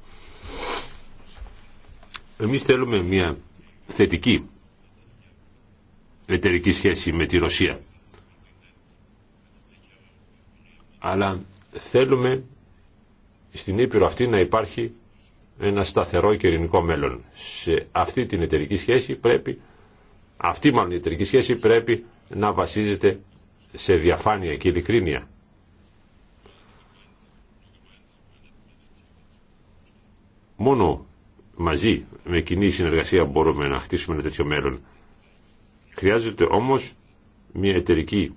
Εμείς θέλουμε μια θετική εταιρική σχέση με τη Ρωσία. Αλλά θέλουμε στην Ήπειρο αυτή να υπάρχει ένα σταθερό και ειρηνικό μέλλον. Σε αυτή την εταιρική σχέση πρέπει, αυτή μάλλον εταιρική σχέση πρέπει να βασίζεται σε διαφάνεια και ειλικρίνεια. Μόνο μαζί με κοινή συνεργασία μπορούμε να χτίσουμε ένα τέτοιο μέλλον. Χρειάζεται όμως μια εταιρική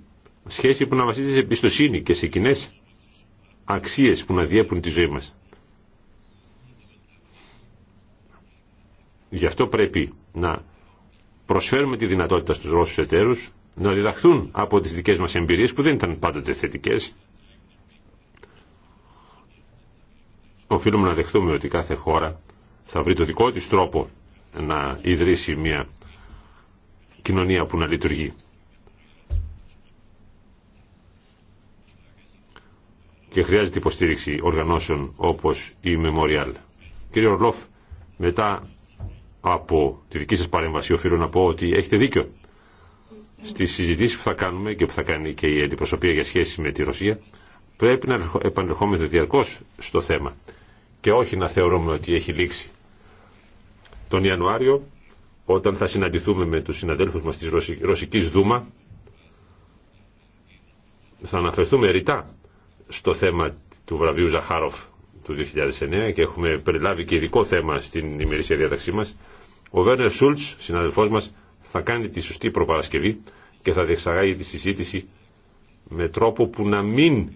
σχέση που να βασίζεται σε εμπιστοσύνη και σε κοινέ αξίες που να διέπουν τη ζωή μας. Γι' αυτό πρέπει να προσφέρουμε τη δυνατότητα στους Ρώσους εταίρους να διδαχθούν από τις δικές μας εμπειρίες που δεν ήταν πάντοτε θετικές. Οφείλουμε να δεχθούμε ότι κάθε χώρα θα βρει το δικό της τρόπο να ιδρύσει μια κοινωνία που να λειτουργεί. Και χρειάζεται υποστήριξη οργανώσεων όπως η Memorial. Κύριε Ορλόφ, μετά από τη δική σας παρέμβαση οφείλω να πω ότι έχετε δίκιο στις συζητήσεις που θα κάνουμε και που θα κάνει και η αντιπροσωπεία για σχέση με τη Ρωσία πρέπει να επανερχόμαστε διαρκώς στο θέμα και όχι να θεωρούμε ότι έχει λήξει. Τον Ιανουάριο όταν θα συναντηθούμε με τους συναδέλφους μας της Ρωσικής Δούμα θα αναφερθούμε ρητά στο θέμα του βραβείου Ζαχάροφ του 2009 και έχουμε περιλάβει και ειδικό θέμα στην ημερήσια διάταξή μας. Ο Βέρνερ Σούλτς, συναδελφός μας, θα κάνει τη σωστή προπαρασκευή και θα διεξαγάγει τη συζήτηση με τρόπο που να μην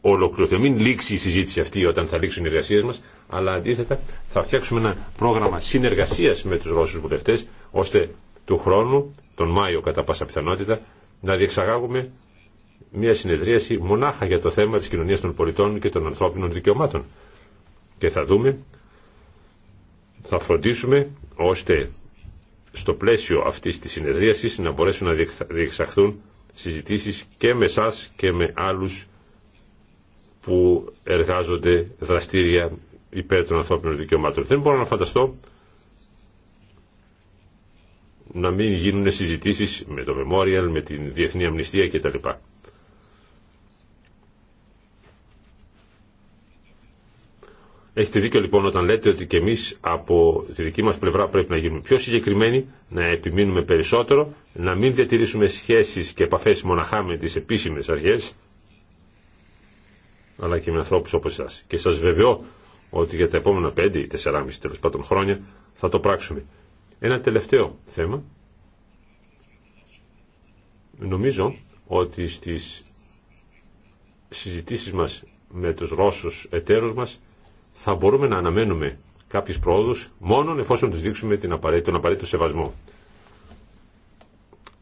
ολοκληρωθεί, μην λήξει η συζήτηση αυτή όταν θα λήξουν οι εργασίε μα, αλλά αντίθετα θα φτιάξουμε ένα πρόγραμμα συνεργασία με του Ρώσου βουλευτέ, ώστε του χρόνου, τον Μάιο κατά πάσα πιθανότητα, να διεξαγάγουμε μια συνεδρίαση μονάχα για το θέμα της κοινωνίας των πολιτών και των ανθρώπινων δικαιωμάτων. Και θα δούμε, θα φροντίσουμε ώστε στο πλαίσιο αυτής της συνεδρίασης να μπορέσουν να διεξαχθούν συζητήσεις και με εσά και με άλλους που εργάζονται δραστήρια υπέρ των ανθρώπινων δικαιωμάτων. Δεν μπορώ να φανταστώ να μην γίνουν συζητήσεις με το Memorial, με την Διεθνή Αμνηστία κτλ. Έχετε δίκιο λοιπόν όταν λέτε ότι και εμείς από τη δική μας πλευρά πρέπει να γίνουμε πιο συγκεκριμένοι, να επιμείνουμε περισσότερο, να μην διατηρήσουμε σχέσεις και επαφές μοναχά με τις επίσημες αρχές, αλλά και με ανθρώπους όπως εσάς. Και σας βεβαιώ ότι για τα επόμενα 5 ή 4,5 τέλος πάντων χρόνια θα το πράξουμε. Ένα τελευταίο θέμα. Νομίζω ότι στις συζητήσεις μας με τους Ρώσους εταίρους μας θα μπορούμε να αναμένουμε κάποιε πρόοδου μόνο εφόσον του δείξουμε την τον απαραίτητο σεβασμό.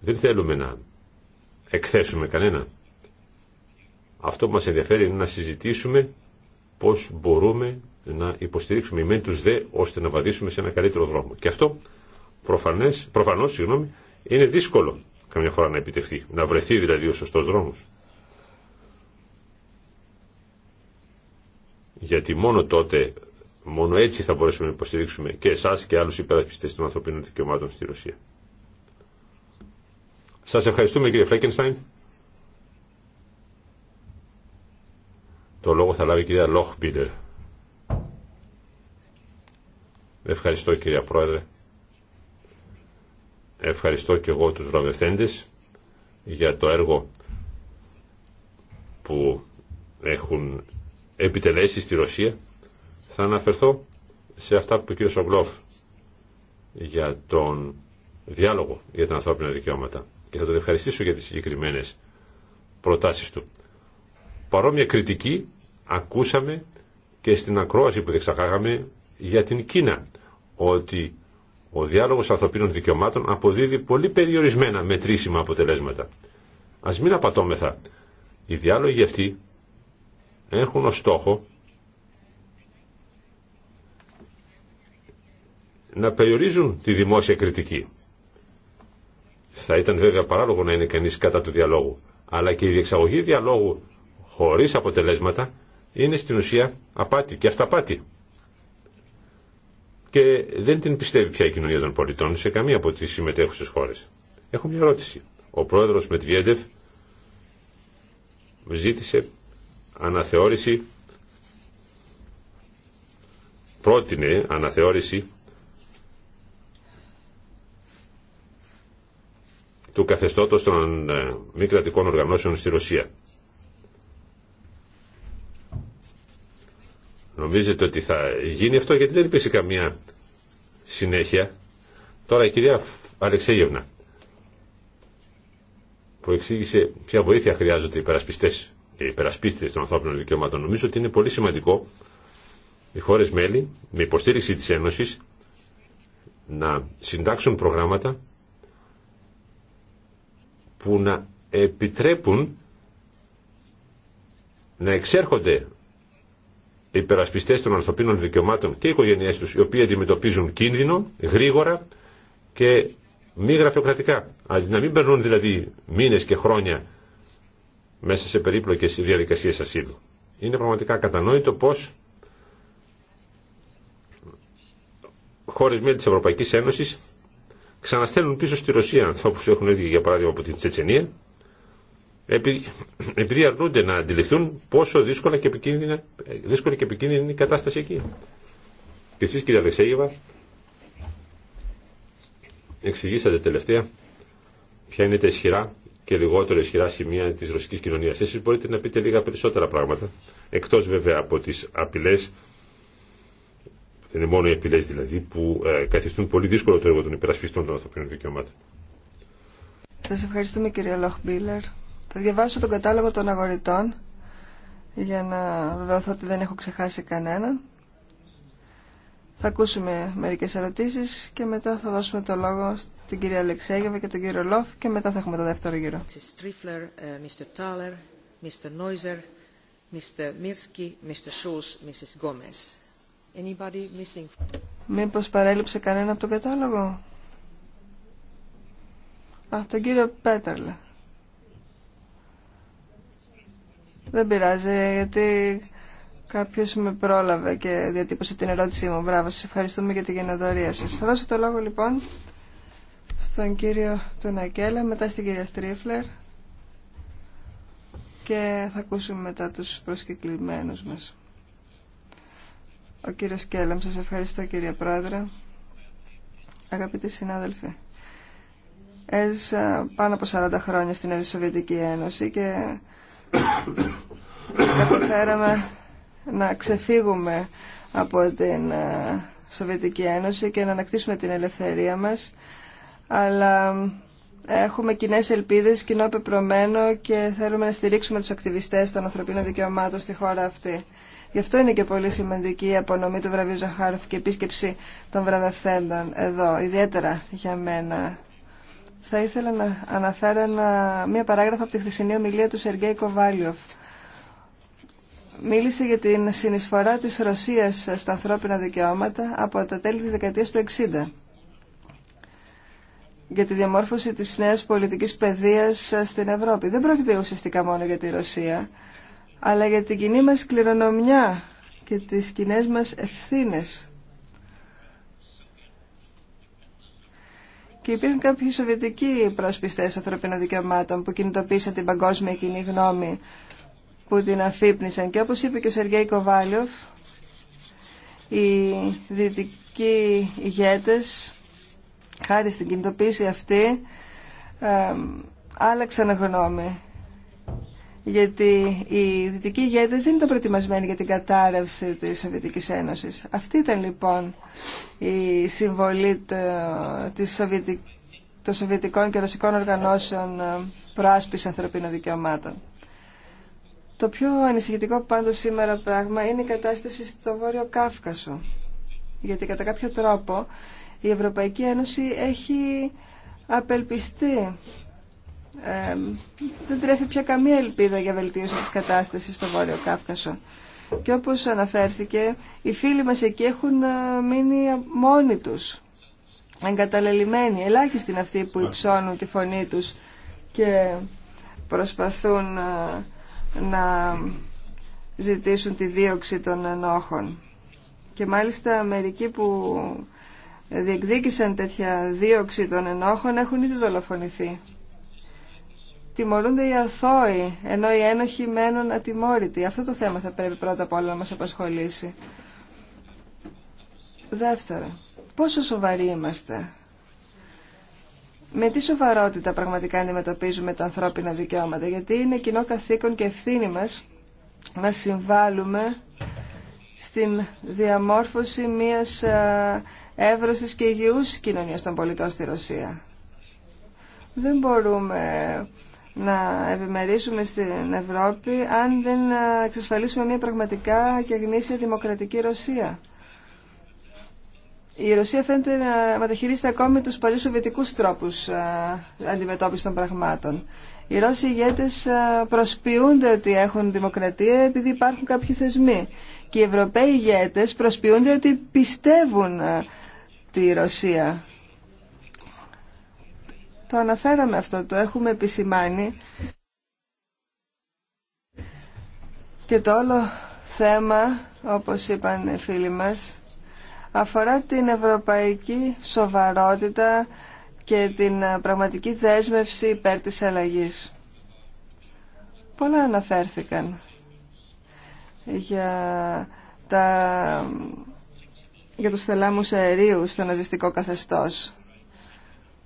Δεν θέλουμε να εκθέσουμε κανένα. Αυτό που μας ενδιαφέρει είναι να συζητήσουμε πώς μπορούμε να υποστηρίξουμε οι μεν τους δε ώστε να βαδίσουμε σε ένα καλύτερο δρόμο. Και αυτό προφανές, προφανώς είναι δύσκολο καμιά φορά να επιτευχθεί, να βρεθεί δηλαδή ο σωστός δρόμος. γιατί μόνο τότε, μόνο έτσι θα μπορέσουμε να υποστηρίξουμε και εσάς και άλλους υπερασπιστές των ανθρωπίνων δικαιωμάτων στη Ρωσία. Σας ευχαριστούμε κύριε Φλέκενστάιν. Το λόγο θα λάβει η κυρία Λόχ Ευχαριστώ κυρία Πρόεδρε. Ευχαριστώ και εγώ τους βραβευθέντες για το έργο που έχουν επιτελέσει στη Ρωσία. Θα αναφερθώ σε αυτά που είπε ο κ. Σογκλόφ για τον διάλογο για τα ανθρώπινα δικαιώματα και θα τον ευχαριστήσω για τις συγκεκριμένε προτάσεις του. Παρόμοια κριτική ακούσαμε και στην ακρόαση που διεξαγάγαμε για την Κίνα ότι ο διάλογος ανθρωπίνων δικαιωμάτων αποδίδει πολύ περιορισμένα μετρήσιμα αποτελέσματα. Ας μην απατώμεθα. Οι διάλογοι αυτοί έχουν ως στόχο να περιορίζουν τη δημόσια κριτική. Θα ήταν βέβαια παράλογο να είναι κανείς κατά του διαλόγου, αλλά και η διεξαγωγή διαλόγου χωρίς αποτελέσματα είναι στην ουσία απάτη και αυταπάτη. Και δεν την πιστεύει πια η κοινωνία των πολιτών σε καμία από τις συμμετέχουσες χώρες. Έχω μια ερώτηση. Ο πρόεδρος Μετβιέντεφ ζήτησε αναθεώρηση πρότεινε αναθεώρηση του καθεστώτος των ε, μη κρατικών οργανώσεων στη Ρωσία. Νομίζετε ότι θα γίνει αυτό γιατί δεν υπήρξε καμία συνέχεια. Τώρα η κυρία Αλεξέγευνα που εξήγησε ποια βοήθεια χρειάζονται οι περασπιστές ε, υπερασπίστες των ανθρώπινων δικαιωμάτων. Νομίζω ότι είναι πολύ σημαντικό οι χώρε μέλη με υποστήριξη τη Ένωση, να συντάξουν προγράμματα που να επιτρέπουν να εξέρχονται οι υπερασπιστές των ανθρωπίνων δικαιωμάτων και οι οικογένειές τους οι οποίοι αντιμετωπίζουν κίνδυνο γρήγορα και μη γραφειοκρατικά. Αντί να μην περνούν δηλαδή μήνες και χρόνια μέσα σε περίπλοκες διαδικασίες ασύλου. Είναι πραγματικά κατανόητο πως χώρες μέλη της Ευρωπαϊκής Ένωσης ξαναστέλνουν πίσω στη Ρωσία ανθρώπους που έχουν έρθει για παράδειγμα από την Τσετσενία επειδή αρνούνται να αντιληφθούν πόσο δύσκολα και επικίνδυνα, δύσκολη και επικίνδυνη είναι η κατάσταση εκεί. Και εσείς κύριε Αλεξέγεβα εξηγήσατε τελευταία ποια είναι τα ισχυρά και λιγότερο ισχυρά σημεία της ρωσικής κοινωνίας. Εσείς μπορείτε να πείτε λίγα περισσότερα πράγματα, εκτός βέβαια από τις απειλές, δεν είναι μόνο οι απειλές δηλαδή, που ε, καθιστούν πολύ δύσκολο το έργο των υπερασπιστών των ανθρωπίνων δικαιωμάτων. Σας ευχαριστούμε κύριε Λόχ Μπίλερ. Θα διαβάσω τον κατάλογο των αγορητών για να βεβαιωθώ ότι δεν έχω ξεχάσει κανέναν. Θα ακούσουμε μερικές ερωτήσεις και μετά θα δώσουμε το λόγο στην κυρία Αλεξέγεβα και τον κύριο Λόφ και μετά θα έχουμε το δεύτερο γύρο. Μήπως παρέλειψε κανένα από τον κατάλογο? Α, τον κύριο Πέτερλε. Δεν πειράζει, γιατί Κάποιος με πρόλαβε και διατύπωσε την ερώτησή μου. Μπράβο, σας ευχαριστούμε για την γενοδορία σας. Θα δώσω το λόγο λοιπόν στον κύριο Τουνακέλα, μετά στην κυρία Στρίφλερ και θα ακούσουμε μετά τους προσκεκλημένους μας. Ο κύριος Κέλαμ, σας ευχαριστώ κύριε Πρόεδρε. Αγαπητοί συνάδελφοι, έζησα πάνω από 40 χρόνια στην Ευρωσοβιετική Ένωση και καταφέραμε να ξεφύγουμε από την ε, Σοβιετική Ένωση και να ανακτήσουμε την ελευθερία μας, αλλά έχουμε κοινέ ελπίδες, κοινό πεπρωμένο και θέλουμε να στηρίξουμε τους ακτιβιστές των ανθρωπίνων δικαιωμάτων στη χώρα αυτή. Γι' αυτό είναι και πολύ σημαντική η απονομή του βραβείου Ζαχάροφ και η επίσκεψη των βραβευθέντων εδώ, ιδιαίτερα για μένα. Θα ήθελα να αναφέρω μία παράγραφο από τη χθεσινή ομιλία του Σεργέη Κοβάλιοφ, μίλησε για την συνεισφορά της Ρωσίας στα ανθρώπινα δικαιώματα από τα τέλη της δεκαετίας του 60 για τη διαμόρφωση της νέας πολιτικής παιδείας στην Ευρώπη. Δεν πρόκειται ουσιαστικά μόνο για τη Ρωσία, αλλά για την κοινή μας κληρονομιά και τις κοινέ μας ευθύνες. Και υπήρχαν κάποιοι σοβιετικοί προσπιστές ανθρωπίνων δικαιωμάτων που κινητοποίησαν την παγκόσμια κοινή γνώμη που την αφύπνισαν. Και όπως είπε και ο Σεργέη Κοβάλιοφ, οι δυτικοί ηγέτες, χάρη στην κινητοποίηση αυτή, άλλαξαν γνώμη. Γιατί οι δυτικοί ηγέτες δεν ήταν προετοιμασμένοι για την κατάρρευση της Σοβιετικής Ένωσης. Αυτή ήταν λοιπόν η συμβολή της των Σοβιετικών και Ρωσικών Οργανώσεων Προάσπιση Ανθρωπίνων Δικαιωμάτων. Το πιο ανησυχητικό πάντως σήμερα πράγμα είναι η κατάσταση στο Βόρειο Κάφκασο. Γιατί κατά κάποιο τρόπο η Ευρωπαϊκή Ένωση έχει απελπιστεί. δεν τρέφει πια καμία ελπίδα για βελτίωση της κατάστασης στο Βόρειο Κάφκασο. Και όπως αναφέρθηκε, οι φίλοι μας εκεί έχουν ε, μείνει μόνοι τους, εγκαταλελειμμένοι. Ελάχιστοι είναι αυτοί που υψώνουν τη φωνή τους και προσπαθούν ε, να ζητήσουν τη δίωξη των ενόχων. Και μάλιστα μερικοί που διεκδίκησαν τέτοια δίωξη των ενόχων έχουν ήδη δολοφονηθεί. Τιμωρούνται οι αθώοι, ενώ οι ένοχοι μένουν ατιμόρυτοι. Αυτό το θέμα θα πρέπει πρώτα απ' όλα να μας απασχολήσει. Δεύτερο, πόσο σοβαροί είμαστε με τι σοβαρότητα πραγματικά αντιμετωπίζουμε τα ανθρώπινα δικαιώματα, γιατί είναι κοινό καθήκον και ευθύνη μας να συμβάλλουμε στην διαμόρφωση μιας ε, εύρωσης και υγιούς κοινωνίας των πολιτών στη Ρωσία. Δεν μπορούμε να ευημερίσουμε στην Ευρώπη αν δεν εξασφαλίσουμε μια πραγματικά και γνήσια δημοκρατική Ρωσία η Ρωσία φαίνεται να μεταχειρίζεται ακόμη τους παλιούς σοβιετικούς τρόπους αντιμετώπισης των πραγμάτων. Οι Ρώσοι ηγέτες προσποιούνται ότι έχουν δημοκρατία επειδή υπάρχουν κάποιοι θεσμοί. Και οι Ευρωπαίοι ηγέτες προσποιούνται ότι πιστεύουν τη Ρωσία. Το αναφέραμε αυτό, το έχουμε επισημάνει. Και το όλο θέμα, όπως είπαν οι φίλοι μας, αφορά την ευρωπαϊκή σοβαρότητα και την ε, πραγματική δέσμευση υπέρ της αλλαγής. Πολλά αναφέρθηκαν για, τα, για τους θελάμους αερίου στο ναζιστικό καθεστώς.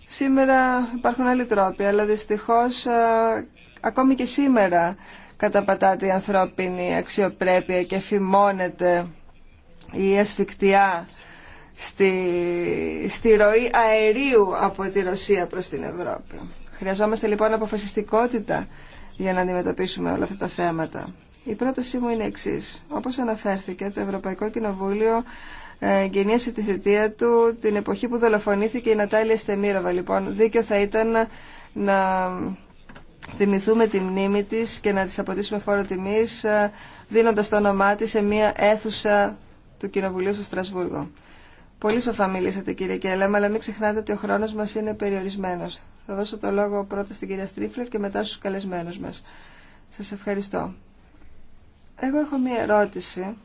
Σήμερα υπάρχουν άλλοι τρόποι, αλλά δυστυχώς ε, ακόμη και σήμερα καταπατάται η ανθρώπινη αξιοπρέπεια και φημώνεται η ασφικτιά στη, στη ροή αερίου από τη Ρωσία προς την Ευρώπη. Χρειαζόμαστε λοιπόν αποφασιστικότητα για να αντιμετωπίσουμε όλα αυτά τα θέματα. Η πρότασή μου είναι εξή. Όπως αναφέρθηκε, το Ευρωπαϊκό Κοινοβούλιο εγκαινίασε τη θητεία του την εποχή που δολοφονήθηκε η Νατάλια Στεμίροβα. Λοιπόν, δίκιο θα ήταν να θυμηθούμε τη μνήμη της και να της αποτίσουμε φόρο τιμής δίνοντας το όνομά της σε μια αίθουσα του Κοινοβουλίου στο Στρασβούργο. Πολύ σοφά μιλήσατε κύριε Κέλαμα, αλλά μην ξεχνάτε ότι ο χρόνος μας είναι περιορισμένος. Θα δώσω το λόγο πρώτα στην κυρία Στρίφλερ και μετά στους καλεσμένους μας. Σας ευχαριστώ. Εγώ έχω μία ερώτηση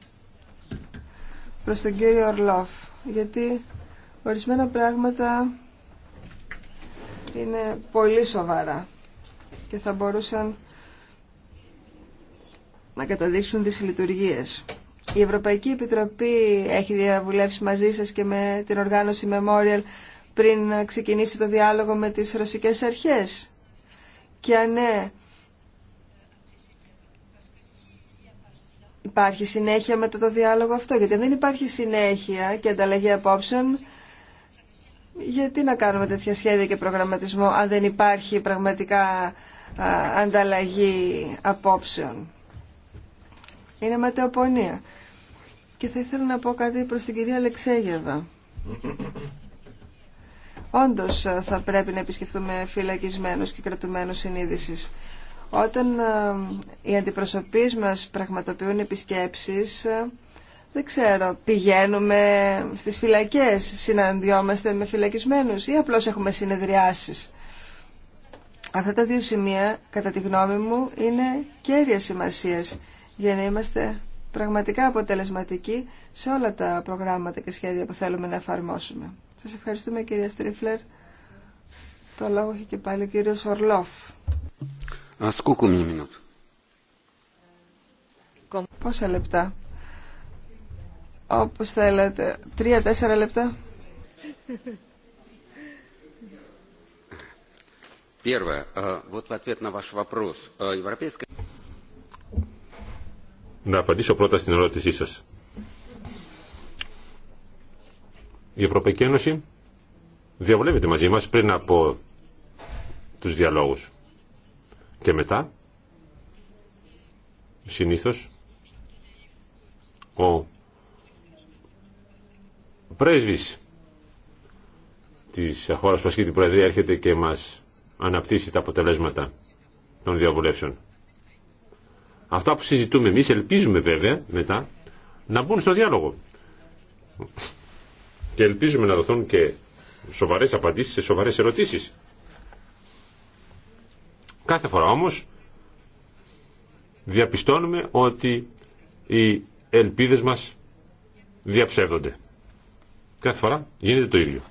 προς τον κύριο Ορλόφ, γιατί ορισμένα πράγματα είναι πολύ σοβαρά και θα μπορούσαν να καταδείξουν δυσλειτουργίες. Η Ευρωπαϊκή Επιτροπή έχει διαβουλεύσει μαζί σας και με την οργάνωση Memorial πριν ξεκινήσει το διάλογο με τις ρωσικές αρχές. Και αν ναι, υπάρχει συνέχεια μετά το διάλογο αυτό. Γιατί αν δεν υπάρχει συνέχεια και ανταλλαγή απόψεων, γιατί να κάνουμε τέτοια σχέδια και προγραμματισμό αν δεν υπάρχει πραγματικά ανταλλαγή απόψεων. Είναι ματαιοπονία. Και θα ήθελα να πω κάτι προς την κυρία Αλεξέγεβα. Όντως ε, θα πρέπει να επισκεφτούμε φυλακισμένους και κρατουμένους συνείδησης. Όταν ε, οι αντιπροσωπείς μας πραγματοποιούν επισκέψεις, ε, δεν ξέρω, πηγαίνουμε στις φυλακές, συναντιόμαστε με φυλακισμένους ή απλώς έχουμε συνεδριάσεις. Αυτά τα δύο σημεία, κατά τη γνώμη μου, είναι κέρια σημασίας για να είμαστε πραγματικά αποτελεσματικοί σε όλα τα προγράμματα και σχέδια που θέλουμε να εφαρμόσουμε. Σας ευχαριστούμε κυρία Στρίφλερ. Το λόγο έχει και πάλι ο κύριος Ορλόφ. Πόσα λεπτά. Όπως θέλετε. Τρία, τέσσερα λεπτά. Первое. Э, вот в ответ на ваш вопрос. Э, να απαντήσω πρώτα στην ερώτησή σας. Η Ευρωπαϊκή Ένωση διαβολεύεται μαζί μας πριν από τους διαλόγους. Και μετά, συνήθως, ο πρέσβης της χώρας που την Προεδρία έρχεται και μας αναπτύσσει τα αποτελέσματα των διαβουλεύσεων. Αυτά που συζητούμε εμείς ελπίζουμε βέβαια μετά να μπουν στο διάλογο. Και ελπίζουμε να δοθούν και σοβαρές απαντήσεις σε σοβαρές ερωτήσεις. Κάθε φορά όμως διαπιστώνουμε ότι οι ελπίδες μας διαψεύδονται. Κάθε φορά γίνεται το ίδιο.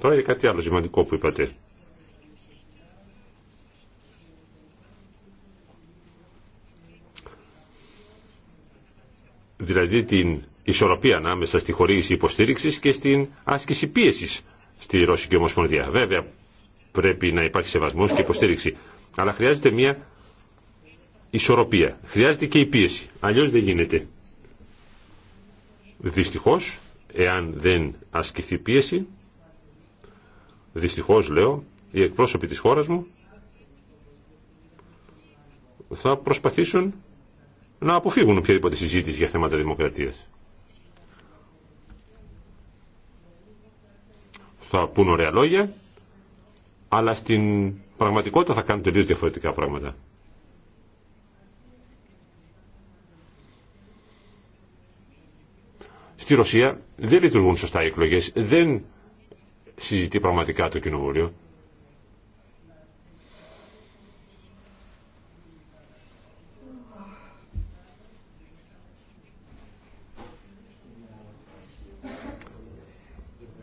Τώρα είναι κάτι άλλο σημαντικό που είπατε. δηλαδή την ισορροπία ανάμεσα στη χορήγηση υποστήριξη και στην άσκηση πίεση στη Ρώσικη Ομοσπονδία. Βέβαια πρέπει να υπάρχει σεβασμός και υποστήριξη, αλλά χρειάζεται μια ισορροπία. Χρειάζεται και η πίεση, αλλιώς δεν γίνεται. Δυστυχώ, εάν δεν ασκηθεί πίεση, δυστυχώ λέω, οι εκπρόσωποι της χώρας μου θα προσπαθήσουν να αποφύγουν οποιαδήποτε συζήτηση για θέματα δημοκρατίας. Θα πούν ωραία λόγια, αλλά στην πραγματικότητα θα κάνουν τελείως διαφορετικά πράγματα. Στη Ρωσία δεν λειτουργούν σωστά οι εκλογές, δεν συζητεί πραγματικά το κοινοβούλιο.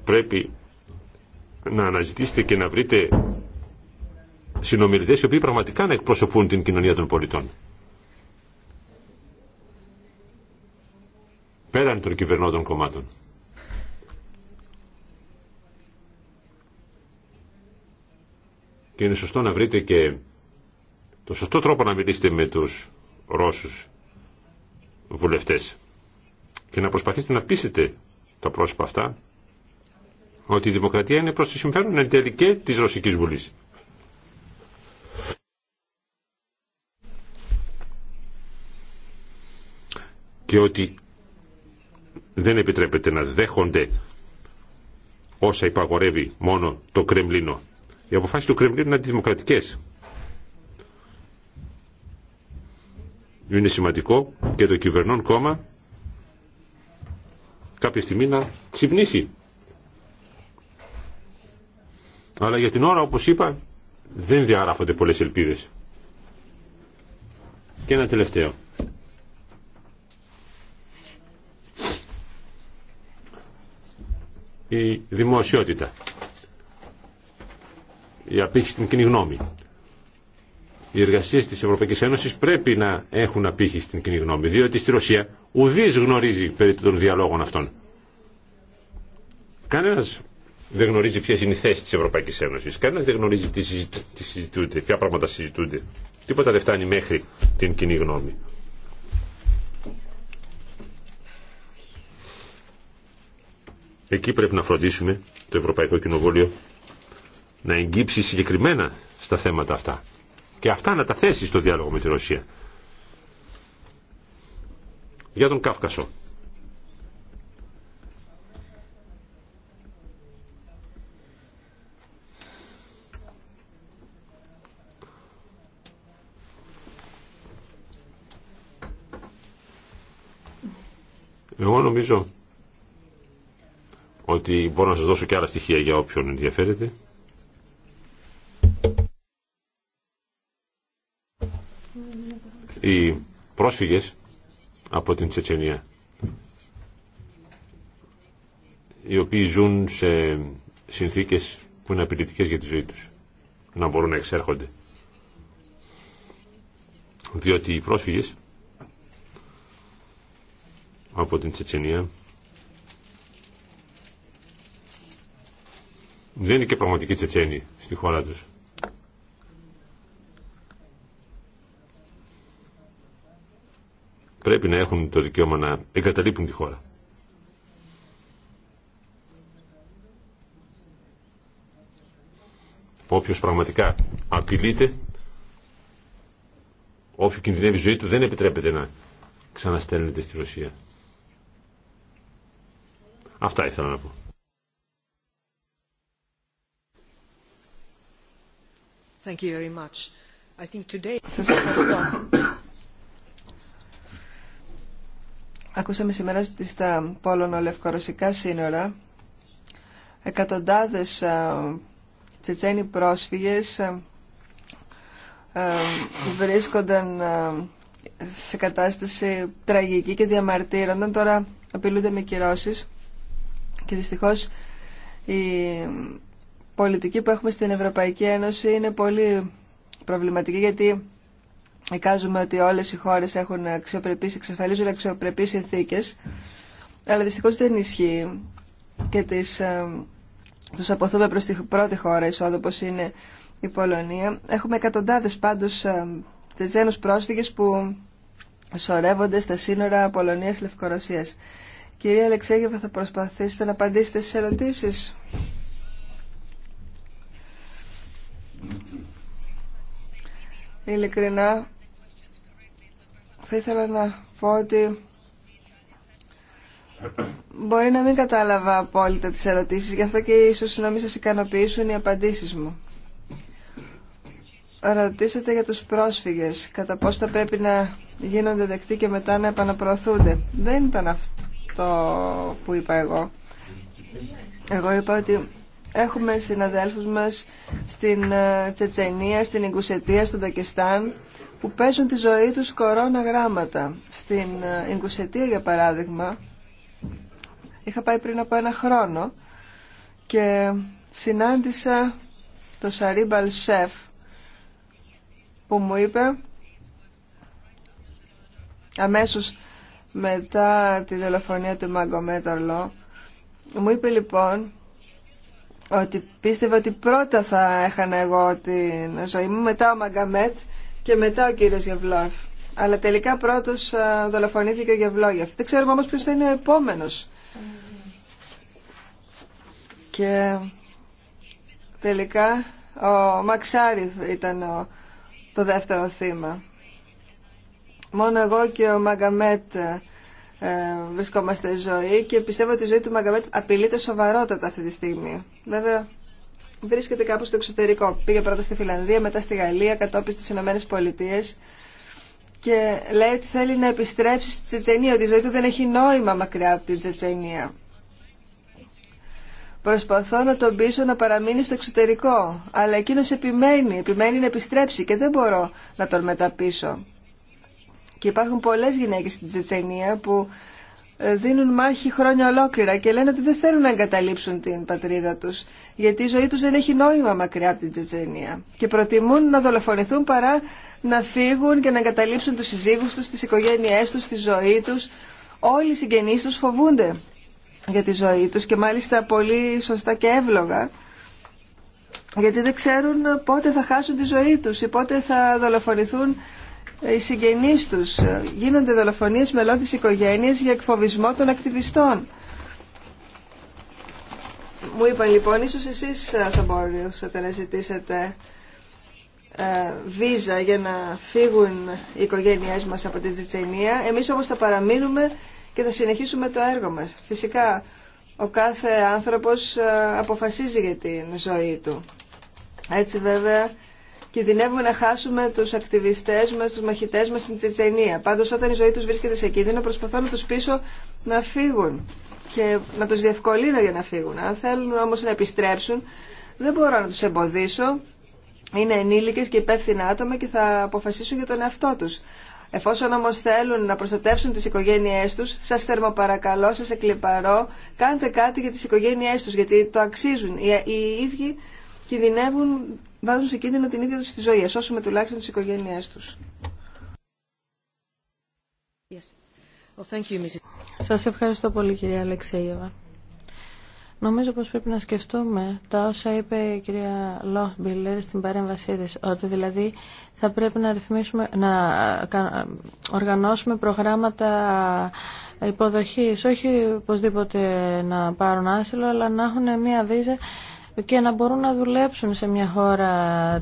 πρέπει να αναζητήσετε και να βρείτε συνομιλητές οι οποίοι πραγματικά να εκπροσωπούν την κοινωνία των πολιτών. Πέραν των κυβερνώντων κομμάτων. Και είναι σωστό να βρείτε και το σωστό τρόπο να μιλήσετε με τους Ρώσους βουλευτές και να προσπαθήσετε να πείσετε τα πρόσωπα αυτά ότι η δημοκρατία είναι προς το συμφέρον εν τέλει και της Ρωσικής Βουλής. Και ότι δεν επιτρέπεται να δέχονται όσα υπαγορεύει μόνο το Κρεμλίνο. Οι αποφάσεις του Κρεμλίνου είναι αντιδημοκρατικές. Είναι σημαντικό και το κυβερνών κόμμα κάποια στιγμή να ξυπνήσει αλλά για την ώρα, όπως είπα, δεν διαγράφονται πολλές ελπίδες. Και ένα τελευταίο. Η δημοσιότητα. Η απήχηση στην κοινή γνώμη. Οι εργασίες της Ευρωπαϊκής Ένωσης πρέπει να έχουν απήχηση στην κοινή γνώμη, διότι στη Ρωσία ουδής γνωρίζει περί των διαλόγων αυτών. Κανένας δεν γνωρίζει ποιε είναι οι θέσει τη Ευρωπαϊκή Ένωση. Κανένα δεν γνωρίζει τι, συζητούνται, ποια πράγματα συζητούνται. Τίποτα δεν φτάνει μέχρι την κοινή γνώμη. Εκεί πρέπει να φροντίσουμε το Ευρωπαϊκό Κοινοβούλιο να εγκύψει συγκεκριμένα στα θέματα αυτά. Και αυτά να τα θέσει στο διάλογο με τη Ρωσία. Για τον Κάφκασο. Εγώ νομίζω ότι μπορώ να σας δώσω και άλλα στοιχεία για όποιον ενδιαφέρεται. Οι πρόσφυγες από την Τσετσενία οι οποίοι ζουν σε συνθήκες που είναι απειλητικές για τη ζωή τους να μπορούν να εξέρχονται διότι οι πρόσφυγες από την Τσετσενία δεν είναι και πραγματική Τσετσένοι στη χώρα τους. Πρέπει να έχουν το δικαίωμα να εγκαταλείπουν τη χώρα. Όποιος πραγματικά απειλείται, όποιο κινδυνεύει η ζωή του δεν επιτρέπεται να ξαναστέλνεται στη Ρωσία. Αυτά ήθελα να πω. Thank ευχαριστώ. Ακούσαμε σήμερα στα Πόλωνο-Λευκορωσικά σύνορα εκατοντάδες τσετσένοι πρόσφυγες βρίσκονταν σε κατάσταση τραγική και διαμαρτύρονταν. Τώρα απειλούνται με κυρώσεις. Και δυστυχώ η πολιτική που έχουμε στην Ευρωπαϊκή Ένωση είναι πολύ προβληματική γιατί εικάζουμε ότι όλες οι χώρες έχουν αξιοπρεπείς, εξασφαλίζουν αξιοπρεπείς συνθήκες αλλά δυστυχώς δεν ισχύει και τις, ε, τους αποθούμε προς την πρώτη χώρα εισόδου όπως είναι η Πολωνία. Έχουμε εκατοντάδες πάντως ε, τεζένους πρόσφυγες που σωρεύονται στα σύνορα Πολωνίας-Λευκορωσίας. Κυρία Αλεξέγεβα, θα προσπαθήσετε να απαντήσετε στις ερωτήσεις. Ειλικρινά, θα ήθελα να πω ότι μπορεί να μην κατάλαβα απόλυτα τις ερωτήσεις, γι' αυτό και ίσως να μην σας ικανοποιήσουν οι απαντήσεις μου. Ρωτήσατε για τους πρόσφυγες, κατά πώς θα πρέπει να γίνονται δεκτοί και μετά να επαναπροωθούνται. Δεν ήταν αυτό αυτό που είπα εγώ. Εγώ είπα ότι έχουμε συναδέλφους μας στην ε, Τσετσενία, στην Ιγκουσετία, στον Τακιστάν που παίζουν τη ζωή τους κορώνα γράμματα. Στην ε, Ιγκουσετία για παράδειγμα είχα πάει πριν από ένα χρόνο και συνάντησα το Σαρίμπαλ Σεφ που μου είπε αμέσως μετά τη δολοφονία του Μαγκομέταρλο Μου είπε λοιπόν ότι πίστευε ότι πρώτα θα έχανα εγώ την ζωή μου, μετά ο Μαγκαμέτ και μετά ο κύριος Γευλόφ. Αλλά τελικά πρώτος δολοφονήθηκε ο Γευλόγεφ. Δεν ξέρουμε όμως ποιος θα είναι ο επόμενος. Και τελικά ο Μαξάριφ ήταν το δεύτερο θύμα. Μόνο εγώ και ο Μαγκαμέτ ε, βρισκόμαστε ζωή και πιστεύω ότι η ζωή του Μαγκαμέτ απειλείται σοβαρότατα αυτή τη στιγμή. Βέβαια, βρίσκεται κάπου στο εξωτερικό. Πήγε πρώτα στη Φιλανδία, μετά στη Γαλλία, κατόπιν στι Ηνωμένε Πολιτείε και λέει ότι θέλει να επιστρέψει στη Τσετσενία, ότι η ζωή του δεν έχει νόημα μακριά από την Τσετσενία. Προσπαθώ να τον πείσω να παραμείνει στο εξωτερικό, αλλά εκείνος επιμένει, επιμένει να επιστρέψει και δεν μπορώ να τον μεταπίσω. Και υπάρχουν πολλές γυναίκες στην Τσετσενία που ε, δίνουν μάχη χρόνια ολόκληρα και λένε ότι δεν θέλουν να εγκαταλείψουν την πατρίδα τους, γιατί η ζωή τους δεν έχει νόημα μακριά από την Τσετσενία. Και προτιμούν να δολοφονηθούν παρά να φύγουν και να εγκαταλείψουν τους συζύγους τους, τις οικογένειές τους, τη ζωή τους. Όλοι οι συγγενείς τους φοβούνται για τη ζωή τους και μάλιστα πολύ σωστά και εύλογα γιατί δεν ξέρουν πότε θα χάσουν τη ζωή τους ή πότε θα δολοφονηθούν οι συγγενείς τους. Ε, γίνονται δολοφονίες μελών της οικογένειας για εκφοβισμό των ακτιβιστών. Μου είπαν λοιπόν, ίσως εσείς ε, θα μπορούσατε να ζητήσετε ε, βίζα για να φύγουν οι οικογένειές μας από την Τσετσενία. Εμείς όμως θα παραμείνουμε και θα συνεχίσουμε το έργο μας. Φυσικά, ο κάθε άνθρωπος αποφασίζει για την ζωή του. Έτσι βέβαια κινδυνεύουμε να χάσουμε του ακτιβιστέ μα, του μαχητέ μα στην Τσετσενία. Πάντω, όταν η ζωή του βρίσκεται σε κίνδυνο, προσπαθώ να του πείσω να φύγουν και να του διευκολύνω για να φύγουν. Αν θέλουν όμω να επιστρέψουν, δεν μπορώ να του εμποδίσω. Είναι ενήλικε και υπεύθυνα άτομα και θα αποφασίσουν για τον εαυτό του. Εφόσον όμω θέλουν να προστατεύσουν τι οικογένειε του, σα θερμοπαρακαλώ, σα εκλυπαρώ, κάντε κάτι για τι οικογένειε του, γιατί το αξίζουν. Οι, οι ίδιοι κινδυνεύουν βάζουν σε κίνδυνο την ίδια τους τη ζωή. Σώσουμε τουλάχιστον τις οικογένειές τους. Yes. Well, thank you, Mrs. Σας ευχαριστώ πολύ κυρία Αλεξέιεβα. Νομίζω πως πρέπει να σκεφτούμε τα όσα είπε η κυρία Λόχμπιλερ στην παρέμβασή της, ότι δηλαδή θα πρέπει να, ρυθμίσουμε, να οργανώσουμε προγράμματα υποδοχής, όχι οπωσδήποτε να πάρουν άσυλο, αλλά να έχουν μια βίζα και να μπορούν να δουλέψουν σε μια χώρα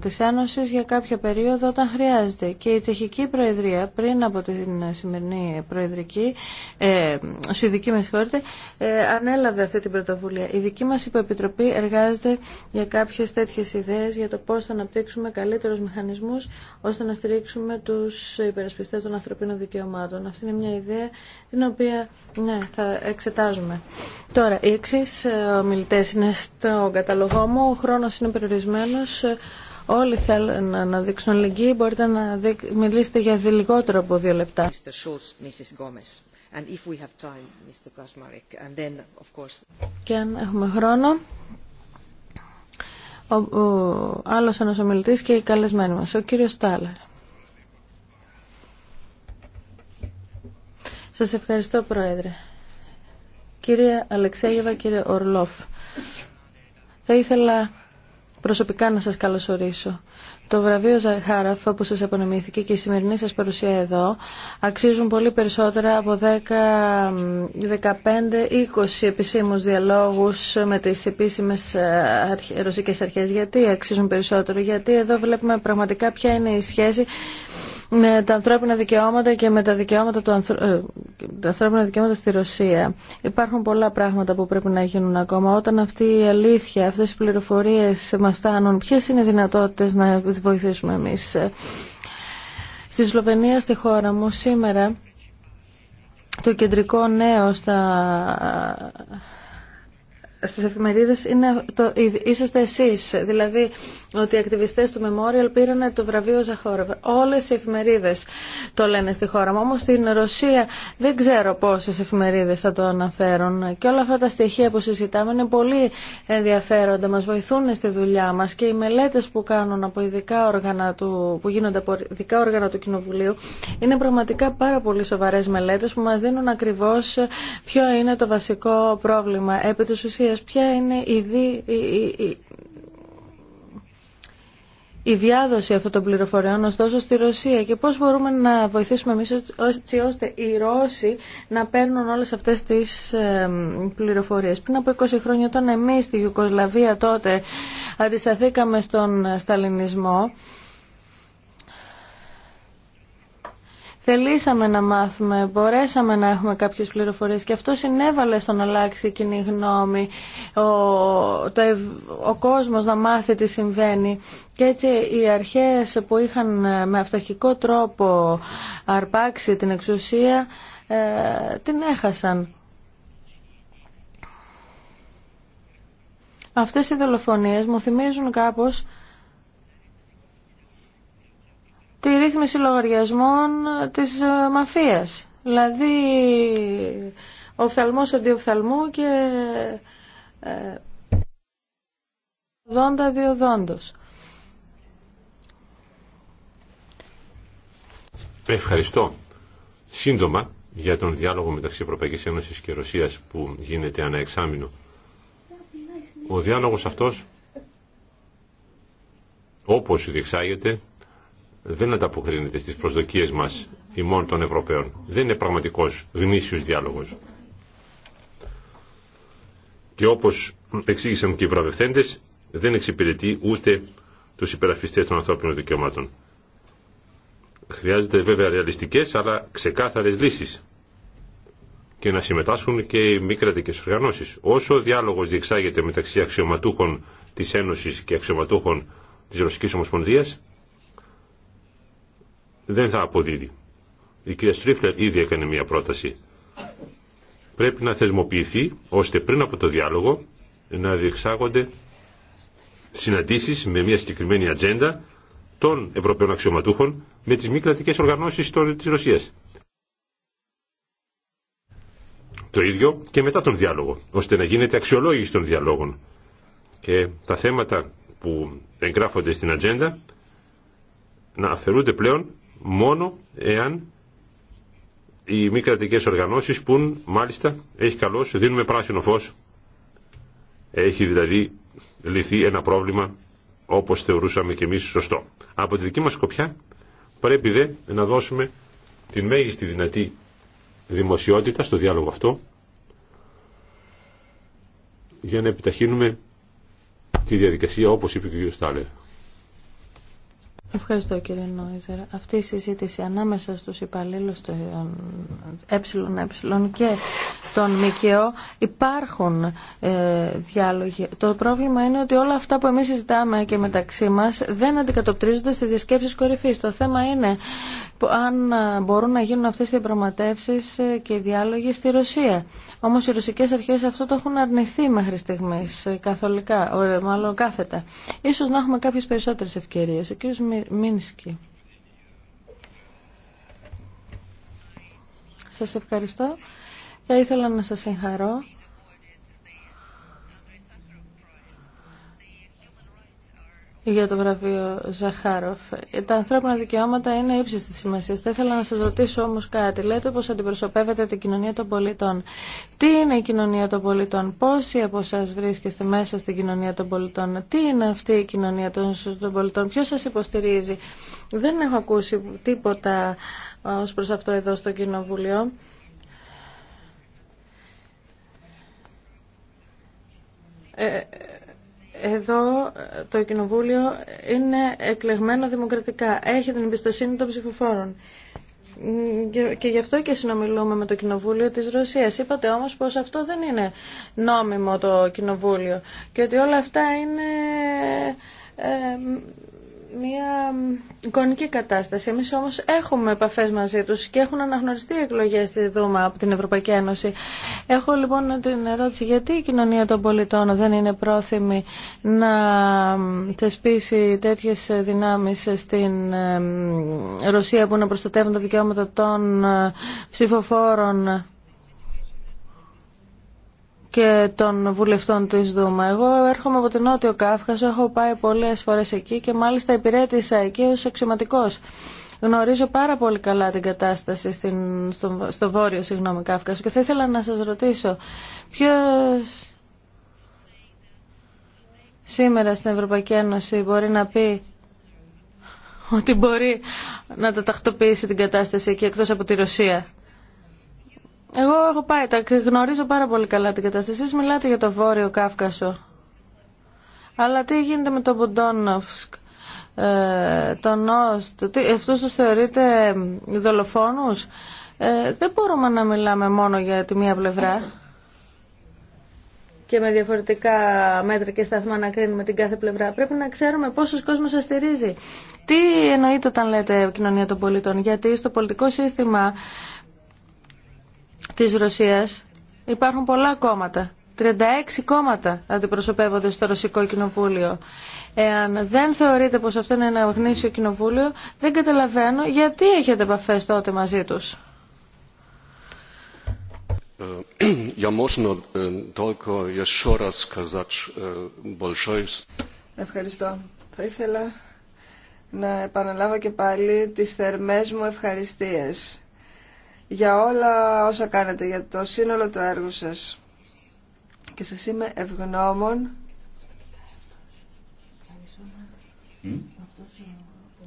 της Ένωση για κάποια περίοδο όταν χρειάζεται. Και η Τσεχική Προεδρία πριν από την σημερινή Προεδρική, ε, ειδική με συγχωρείτε, ε, ανέλαβε αυτή την πρωτοβουλία. Η δική μας υποεπιτροπή εργάζεται για κάποιες τέτοιες ιδέες για το πώς θα αναπτύξουμε καλύτερους μηχανισμούς ώστε να στηρίξουμε τους υπερασπιστές των ανθρωπίνων δικαιωμάτων. Αυτή είναι μια ιδέα την οποία ναι, θα εξετάζουμε. Τώρα, οι εξή ε, ομιλητέ είναι στο διάλογο μου. Ο χρόνο είναι περιορισμένο. Όλοι θέλουν να δείξουν αλληλεγγύη. Μπορείτε να μιλήσετε για λιγότερο από δύο λεπτά. Και αν έχουμε χρόνο, ο, ο άλλος ένας ομιλητής και οι καλεσμένοι μας, ο κύριος Στάλερ. Σας ευχαριστώ, Πρόεδρε. Κύριε Αλεξέγεβα, κύριε Ορλόφ. Θα ήθελα προσωπικά να σας καλωσορίσω. Το βραβείο Ζαχάραφ που σας απονομήθηκε και η σημερινή σας παρουσία εδώ αξίζουν πολύ περισσότερα από 10, 15, 20 επισήμους διαλόγους με τις επίσημες ε, ρωσικές αρχές. Γιατί αξίζουν περισσότερο, γιατί εδώ βλέπουμε πραγματικά ποια είναι η σχέση με τα ανθρώπινα δικαιώματα και με τα δικαιώματα, του ανθρω... Ε, τα ανθρώπινα δικαιώματα στη Ρωσία. Υπάρχουν πολλά πράγματα που πρέπει να γίνουν ακόμα. Όταν αυτή η αλήθεια, αυτές οι πληροφορίες μα φτάνουν, ποιε είναι οι δυνατότητε να βοηθήσουμε εμείς. Ε, στη Σλοβενία, στη χώρα μου, σήμερα το κεντρικό νέο στα στις εφημερίδες είναι το, είσαστε εσείς. Δηλαδή ότι οι ακτιβιστέ του Memorial πήραν το βραβείο Ζαχόρευ. Όλε οι Εφημερίδε το λένε στη χώρα μου, Όμω στην Ρωσία δεν ξέρω πόσε Εφημερίδε θα το αναφέρουν. Και όλα αυτά τα στοιχεία που συζητάμε είναι πολύ ενδιαφέροντα, μα βοηθούν στη δουλειά μα και οι μελέτε που κάνουν από ειδικά όργανα του, που γίνονται από ειδικά όργανα του Κοινοβουλίου είναι πραγματικά πάρα πολύ σοβαρέ μελέτε που μα δίνουν ακριβώ ποιο είναι το βασικό πρόβλημα. Επί τη ουσίας, ποια είναι η, δι, η, η, η διάδοση αυτών των πληροφοριών ωστόσο στη Ρωσία και πώς μπορούμε να βοηθήσουμε εμείς έτσι ώστε οι Ρώσοι να παίρνουν όλες αυτές τις πληροφορίες. Πριν από 20 χρόνια όταν εμείς στη Ιουκοσλαβία τότε αντισταθήκαμε στον Σταλινισμό Θελήσαμε να μάθουμε, μπορέσαμε να έχουμε κάποιες πληροφορίες και αυτό συνέβαλε στον να αλλάξει κοινή γνώμη, ο, το, ο κόσμος να μάθει τι συμβαίνει. Και έτσι οι αρχές που είχαν ε, με αυταρχικό τρόπο αρπάξει την εξουσία ε, την έχασαν. Αυτές οι δολοφονίες μου θυμίζουν κάπως τη ρύθμιση λογαριασμών της ε, μαφίας. Δηλαδή, οφθαλμός οφθαλμού και ε, δόντα διοδόντος. Ευχαριστώ. Σύντομα για τον διάλογο μεταξύ Ευρωπαϊκής Ένωσης και Ρωσίας που γίνεται αναεξάμεινο. Ο διάλογος αυτός, όπως διεξάγεται, δεν ανταποκρίνεται στις προσδοκίες μας ημών των Ευρωπαίων. Δεν είναι πραγματικός γνήσιος διάλογος. Και όπως εξήγησαν και οι βραβευθέντες, δεν εξυπηρετεί ούτε τους υπεραφιστές των ανθρώπινων δικαιωμάτων. Χρειάζεται βέβαια ρεαλιστικές αλλά ξεκάθαρες λύσεις και να συμμετάσχουν και οι μη κρατικέ οργανώσει. Όσο ο διάλογο διεξάγεται μεταξύ αξιωματούχων τη Ένωση και αξιωματούχων τη Ρωσική Ομοσπονδία, δεν θα αποδίδει. Η κυρία Στρίφλερ ήδη έκανε μια πρόταση. Πρέπει να θεσμοποιηθεί ώστε πριν από το διάλογο να διεξάγονται συναντήσεις με μια συγκεκριμένη ατζέντα των Ευρωπαίων αξιωματούχων με τις μη κρατικές οργανώσεις της Ρωσίας. Το ίδιο και μετά τον διάλογο, ώστε να γίνεται αξιολόγηση των διαλόγων. Και τα θέματα που εγγράφονται στην ατζέντα να αφαιρούνται πλέον μόνο εάν οι μη κρατικέ οργανώσει πουν μάλιστα έχει καλώ, δίνουμε πράσινο φω. Έχει δηλαδή λυθεί ένα πρόβλημα όπω θεωρούσαμε και εμεί σωστό. Από τη δική μα σκοπιά πρέπει δε να δώσουμε τη μέγιστη δυνατή δημοσιότητα στο διάλογο αυτό για να επιταχύνουμε τη διαδικασία όπως είπε και ο κ. Στάλερ. Ευχαριστώ κύριε Νόιζερ. Αυτή η συζήτηση ανάμεσα στους υπαλλήλους των ΕΕ και των ΜΚΟ υπάρχουν ε, διάλογοι. Το πρόβλημα είναι ότι όλα αυτά που εμείς συζητάμε και μεταξύ μας δεν αντικατοπτρίζονται στις διασκέψεις κορυφής. Το θέμα είναι αν μπορούν να γίνουν αυτές οι προματεύσεις ε, και οι διάλογοι στη Ρωσία. Όμως οι ρωσικές αρχές αυτό το έχουν αρνηθεί μέχρι στιγμής ε, καθολικά, ε, μάλλον κάθετα. Ίσως να έχουμε κάποιες περισσότερες ευκαιρίες. Ο Μίνσκι. Σας ευχαριστώ. Θα ήθελα να σας συγχαρώ για το βραβείο Ζαχάροφ. Τα ανθρώπινα δικαιώματα είναι ύψη σημασία. Θα ήθελα να σα ρωτήσω όμω κάτι. Λέτε πω αντιπροσωπεύετε την κοινωνία των πολιτών. Τι είναι η κοινωνία των πολιτών, πόσοι από εσά βρίσκεστε μέσα στην κοινωνία των πολιτών, τι είναι αυτή η κοινωνία των πολιτών, ποιο σα υποστηρίζει. Δεν έχω ακούσει τίποτα ε, ω προ αυτό εδώ στο Κοινοβούλιο. Ε, ε εδώ το Κοινοβούλιο είναι εκλεγμένο δημοκρατικά. Έχει την εμπιστοσύνη των ψηφοφόρων. Και γι' αυτό και συνομιλούμε με το Κοινοβούλιο της Ρωσίας. Είπατε όμως πως αυτό δεν είναι νόμιμο το Κοινοβούλιο και ότι όλα αυτά είναι ε, μια εικονική κατάσταση. Εμεί όμω έχουμε επαφέ μαζί του και έχουν αναγνωριστεί οι εκλογέ στη Δούμα από την Ευρωπαϊκή Ένωση. Έχω λοιπόν την ερώτηση γιατί η κοινωνία των πολιτών δεν είναι πρόθυμη να θεσπίσει τέτοιε δυνάμει στην ε, Ρωσία που να προστατεύουν τα δικαιώματα των ε, ψηφοφόρων και των βουλευτών της Δούμα. Εγώ έρχομαι από την Νότιο Κάφκασο, έχω πάει πολλές φορές εκεί και μάλιστα υπηρέτησα εκεί ως αξιωματικός. Γνωρίζω πάρα πολύ καλά την κατάσταση στην, στο, στο βόρειο συγγνώμη, Κάφκασο και θα ήθελα να σας ρωτήσω ποιο σήμερα στην Ευρωπαϊκή Ένωση μπορεί να πει ότι μπορεί να τα τακτοποιήσει την κατάσταση εκεί εκτός από τη Ρωσία. Εγώ έχω πάει, τα γνωρίζω πάρα πολύ καλά την κατάσταση. Εσείς μιλάτε για το Βόρειο Κάφκασο. Αλλά τι γίνεται με τον Μπουντόνοφσκ, ε, τον Όστ, αυτούς τους θεωρείτε δολοφόνους. Ε, δεν μπορούμε να μιλάμε μόνο για τη μία πλευρά και με διαφορετικά μέτρα και σταθμά να κρίνουμε την κάθε πλευρά. Πρέπει να ξέρουμε πόσο κόσμο σα στηρίζει. Τι εννοείται όταν λέτε κοινωνία των πολιτών, γιατί στο πολιτικό σύστημα της Ρωσίας υπάρχουν πολλά κόμματα. 36 κόμματα αντιπροσωπεύονται στο Ρωσικό Κοινοβούλιο. Εάν δεν θεωρείτε πως αυτό είναι ένα γνήσιο κοινοβούλιο, δεν καταλαβαίνω γιατί έχετε επαφέ τότε μαζί τους. Ε, ε, ε, Ευχαριστώ. Θα ήθελα να επαναλάβω και πάλι τις θερμές μου ευχαριστίες για όλα όσα κάνετε, για το σύνολο του έργου σας. Και σας είμαι ευγνώμων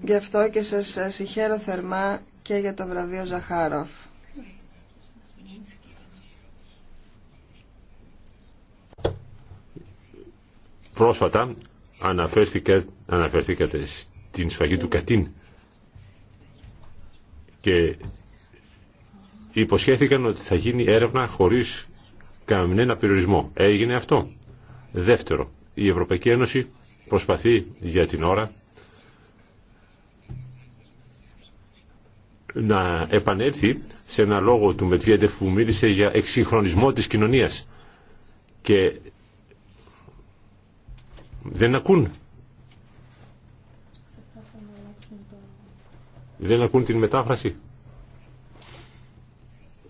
γι' αυτό και σας συγχαίρω θερμά και για το βραβείο Ζαχάροφ. Πρόσφατα αναφέρθηκε αναφέρθηκατε στην σφαγή του Κατίν και υποσχέθηκαν ότι θα γίνει έρευνα χωρίς κανένα περιορισμό. Έγινε αυτό. Δεύτερο, η Ευρωπαϊκή Ένωση προσπαθεί για την ώρα να επανέλθει σε ένα λόγο του Μετβιέντεφ που μίλησε για εξυγχρονισμό της κοινωνίας και δεν ακούν δεν ακούν την μετάφραση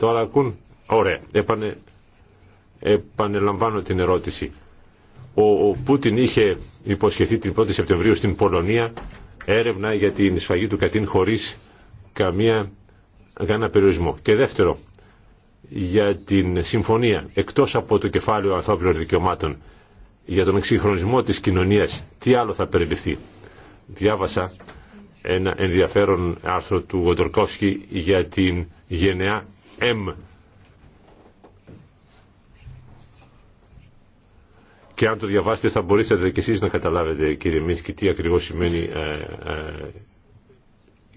Τώρα ακούν. Ωραία. Επανελαμβάνω την ερώτηση. Ο, Πούτιν είχε υποσχεθεί την 1η Σεπτεμβρίου στην Πολωνία έρευνα για την σφαγή του Κατίν χωρίς καμία, κανένα περιορισμό. Και δεύτερο, για την συμφωνία εκτός από το κεφάλαιο ανθρώπινων δικαιωμάτων για τον εξυγχρονισμό της κοινωνίας τι άλλο θα περιληφθεί διάβασα ένα ενδιαφέρον άρθρο του Γοντορκόφσκι για την γενεά M. Και αν το διαβάσετε θα μπορέσετε και εσείς να καταλάβετε κύριε Μίσκη τι ακριβώς σημαίνει ε, ε,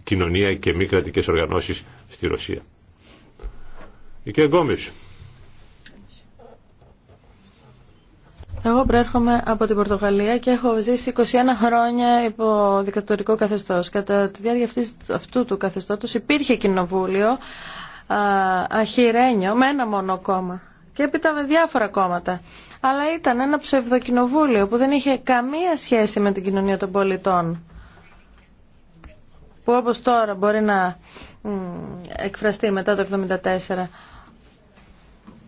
κοινωνία και μη κρατικέ οργανώσεις στη Ρωσία. Η Γκόμης. Εγώ προέρχομαι από την Πορτογαλία και έχω ζήσει 21 χρόνια υπό δικατορικό καθεστώς. Κατά τη διάρκεια αυτού του καθεστώτος υπήρχε κοινοβούλιο, αχυρένιο με ένα μόνο κόμμα και έπειτα με διάφορα κόμματα. Αλλά ήταν ένα ψευδοκοινοβούλιο που δεν είχε καμία σχέση με την κοινωνία των πολιτών που όπως τώρα μπορεί να εκφραστεί μετά το 1974.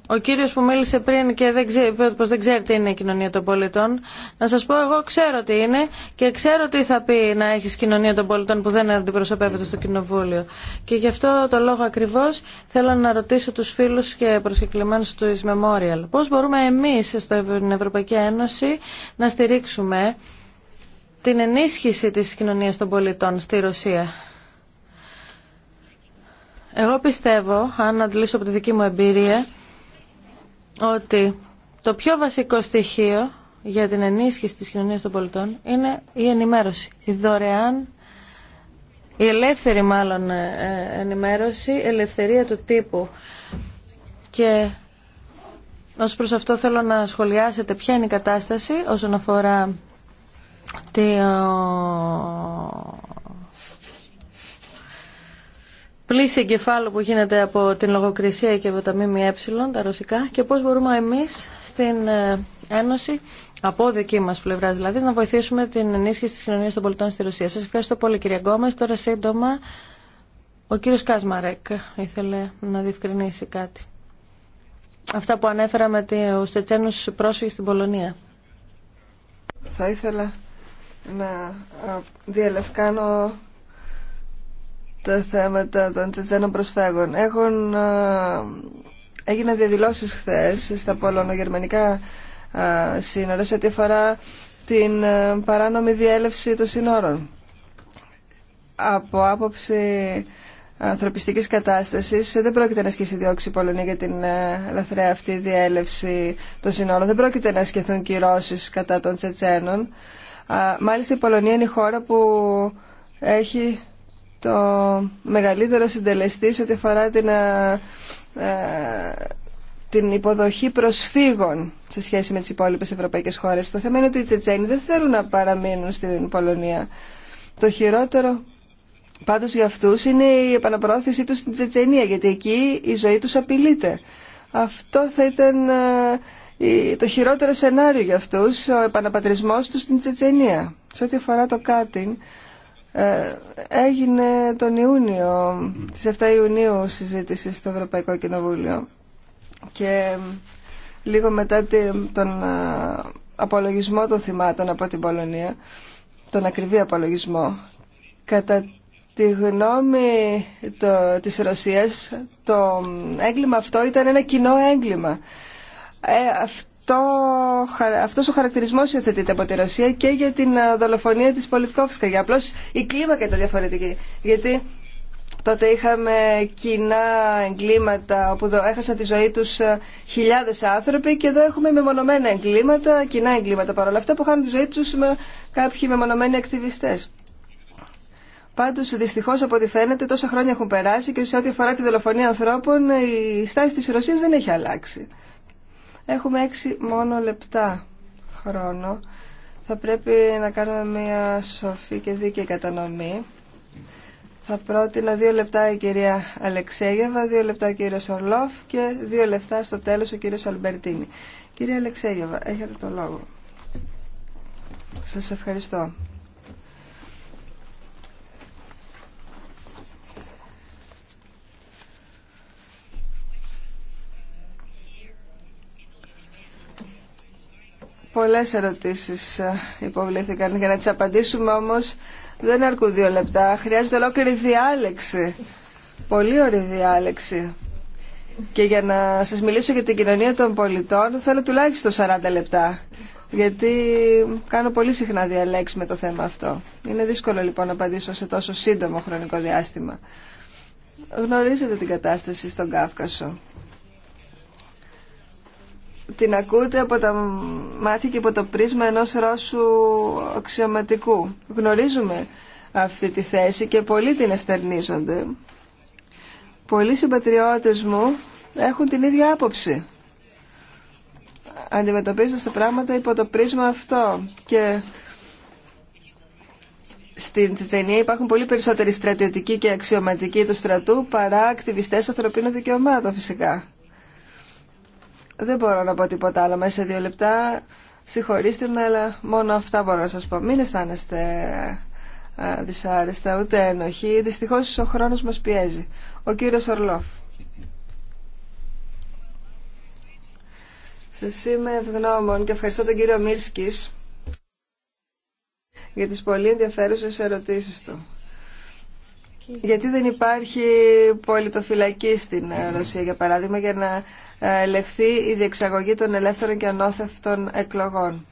Ο κύριος που μίλησε πριν και δεν ξέ, πως δεν ξέρει τι είναι η κοινωνία των πολιτών, να σας πω εγώ ξέρω τι είναι και ξέρω τι θα πει να έχεις κοινωνία των πολιτών που δεν αντιπροσωπεύεται στο κοινοβούλιο. Και γι' αυτό το λόγο ακριβώς θέλω να ρωτήσω τους φίλους και προσκεκλημένους του Is Memorial. Πώς μπορούμε εμείς στην Ευρωπαϊκή Ένωση να στηρίξουμε την ενίσχυση της κοινωνίας των πολιτών στη Ρωσία. Εγώ πιστεύω, αν αντλήσω από τη δική μου εμπειρία, ότι το πιο βασικό στοιχείο για την ενίσχυση της κοινωνίας των πολιτών είναι η ενημέρωση, η δωρεάν, η ελεύθερη μάλλον ε, ε, ενημέρωση, η ελευθερία του τύπου. Και ως προς αυτό θέλω να σχολιάσετε ποια είναι η κατάσταση όσον αφορά τη πλήση εγκεφάλου που γίνεται από την λογοκρισία και από τα ΜΜΕ, τα ρωσικά, και πώς μπορούμε εμείς στην ε, Ένωση, από δική μας πλευρά δηλαδή, να βοηθήσουμε την ενίσχυση της κοινωνίας των πολιτών στη Ρωσία. Σας ευχαριστώ πολύ κύριε Γκόμες. Τώρα σύντομα ο κύριος Κάσμαρεκ ήθελε να διευκρινίσει κάτι. Αυτά που ανέφερα με τους τετσένους πρόσφυγες στην Πολωνία. Θα ήθελα να ε, διαλευκάνω τα θέματα των Τσετσένων προσφέγων. Έχουν, έγιναν διαδηλώσεις χθες στα πολωνογερμανικά σύνορα σε ό,τι αφορά την παράνομη διέλευση των σύνορων. Από άποψη ανθρωπιστικής κατάστασης δεν πρόκειται να ασκήσει διώξη η Πολωνία για την λαθρεά αυτή διέλευση των σύνορων. Δεν πρόκειται να ασκηθούν κυρώσεις κατά των Τσετσένων. Μάλιστα η Πολωνία είναι η χώρα που έχει το μεγαλύτερο συντελεστή σε ό,τι αφορά την, ε, ε, την υποδοχή προσφύγων σε σχέση με τις υπόλοιπες ευρωπαϊκές χώρες. Το θέμα είναι ότι οι Τσετσένοι δεν θέλουν να παραμείνουν στην Πολωνία. Το χειρότερο πάντως για αυτούς είναι η επαναπρόθεσή τους στην Τσετσενία, γιατί εκεί η ζωή τους απειλείται. Αυτό θα ήταν ε, το χειρότερο σενάριο για αυτούς, ο επαναπατρισμός τους στην Τσετσενία. Σε ό,τι αφορά το Κάτιν, ε, έγινε τον Ιούνιο, τις 7 Ιουνίου συζήτηση στο Ευρωπαϊκό Κοινοβούλιο και λίγο μετά τον ε, απολογισμό των θυμάτων από την Πολωνία, τον ακριβή απολογισμό, κατά τη γνώμη της Ρωσίας το έγκλημα αυτό ήταν ένα κοινό έγκλημα. Ε, αυτό, αυτός ο χαρακτηρισμός υιοθετείται από τη Ρωσία και για την ε, δολοφονία της Πολιτκόφσκα. Για απλώς η κλίμακα ήταν διαφορετική. Γιατί τότε είχαμε κοινά εγκλήματα όπου έχασαν τη ζωή τους ε, χιλιάδες άνθρωποι και εδώ έχουμε μεμονωμένα εγκλήματα, κοινά εγκλήματα παρόλα αυτά που χάνουν τη ζωή τους με κάποιοι μεμονωμένοι ακτιβιστές. Πάντω, δυστυχώ από ό,τι φαίνεται, τόσα χρόνια έχουν περάσει και σε ό,τι αφορά τη δολοφονία ανθρώπων, ε, η στάση τη Ρωσία δεν έχει αλλάξει. Έχουμε έξι μόνο λεπτά χρόνο. Θα πρέπει να κάνουμε μια σοφή και δίκαιη κατανομή. Θα πρότεινα δύο λεπτά η κυρία Αλεξέγεβα, δύο λεπτά ο κύριος Ορλόφ και δύο λεπτά στο τέλος ο κύριος Αλμπερτίνη. Κυρία Αλεξέγεβα, έχετε το λόγο. Σας ευχαριστώ. Πολλές ερωτήσεις ε, υποβλήθηκαν για να τις απαντήσουμε όμως δεν αρκούν δύο λεπτά. Χρειάζεται ολόκληρη διάλεξη. Πολύ ωραία διάλεξη. Και για να σας μιλήσω για την κοινωνία των πολιτών θέλω τουλάχιστον 40 λεπτά. Γιατί κάνω πολύ συχνά διαλέξει με το θέμα αυτό. Είναι δύσκολο λοιπόν να απαντήσω σε τόσο σύντομο χρονικό διάστημα. Γνωρίζετε την κατάσταση στον Κάφκασο την ακούτε από τα μάθη και από το πρίσμα ενός Ρώσου αξιωματικού. Γνωρίζουμε αυτή τη θέση και πολλοί την εστερνίζονται. Πολλοί συμπατριώτες μου έχουν την ίδια άποψη. Αντιμετωπίζοντας τα πράγματα υπό το πρίσμα αυτό και στην Τσετσενία υπάρχουν πολύ περισσότεροι στρατιωτικοί και αξιωματικοί του στρατού παρά ακτιβιστές ανθρωπίνων δικαιωμάτων φυσικά. Δεν μπορώ να πω τίποτα άλλο μέσα σε δύο λεπτά. Συγχωρήστε με, αλλά μόνο αυτά μπορώ να σας πω. Μην αισθάνεστε ε, δυσάρεστα, ούτε ενοχή. Δυστυχώς ο χρόνος μας πιέζει. Ο κύριος Ορλόφ. Σας είμαι ευγνώμων και ευχαριστώ τον κύριο Μίρσκης για τις πολύ ενδιαφέρουσες ερωτήσεις του. Γιατί δεν υπάρχει πολιτοφυλακή στην Ρωσία, για παράδειγμα, για να ελεχθεί η διεξαγωγή των ελεύθερων και ανώθευτων εκλογών.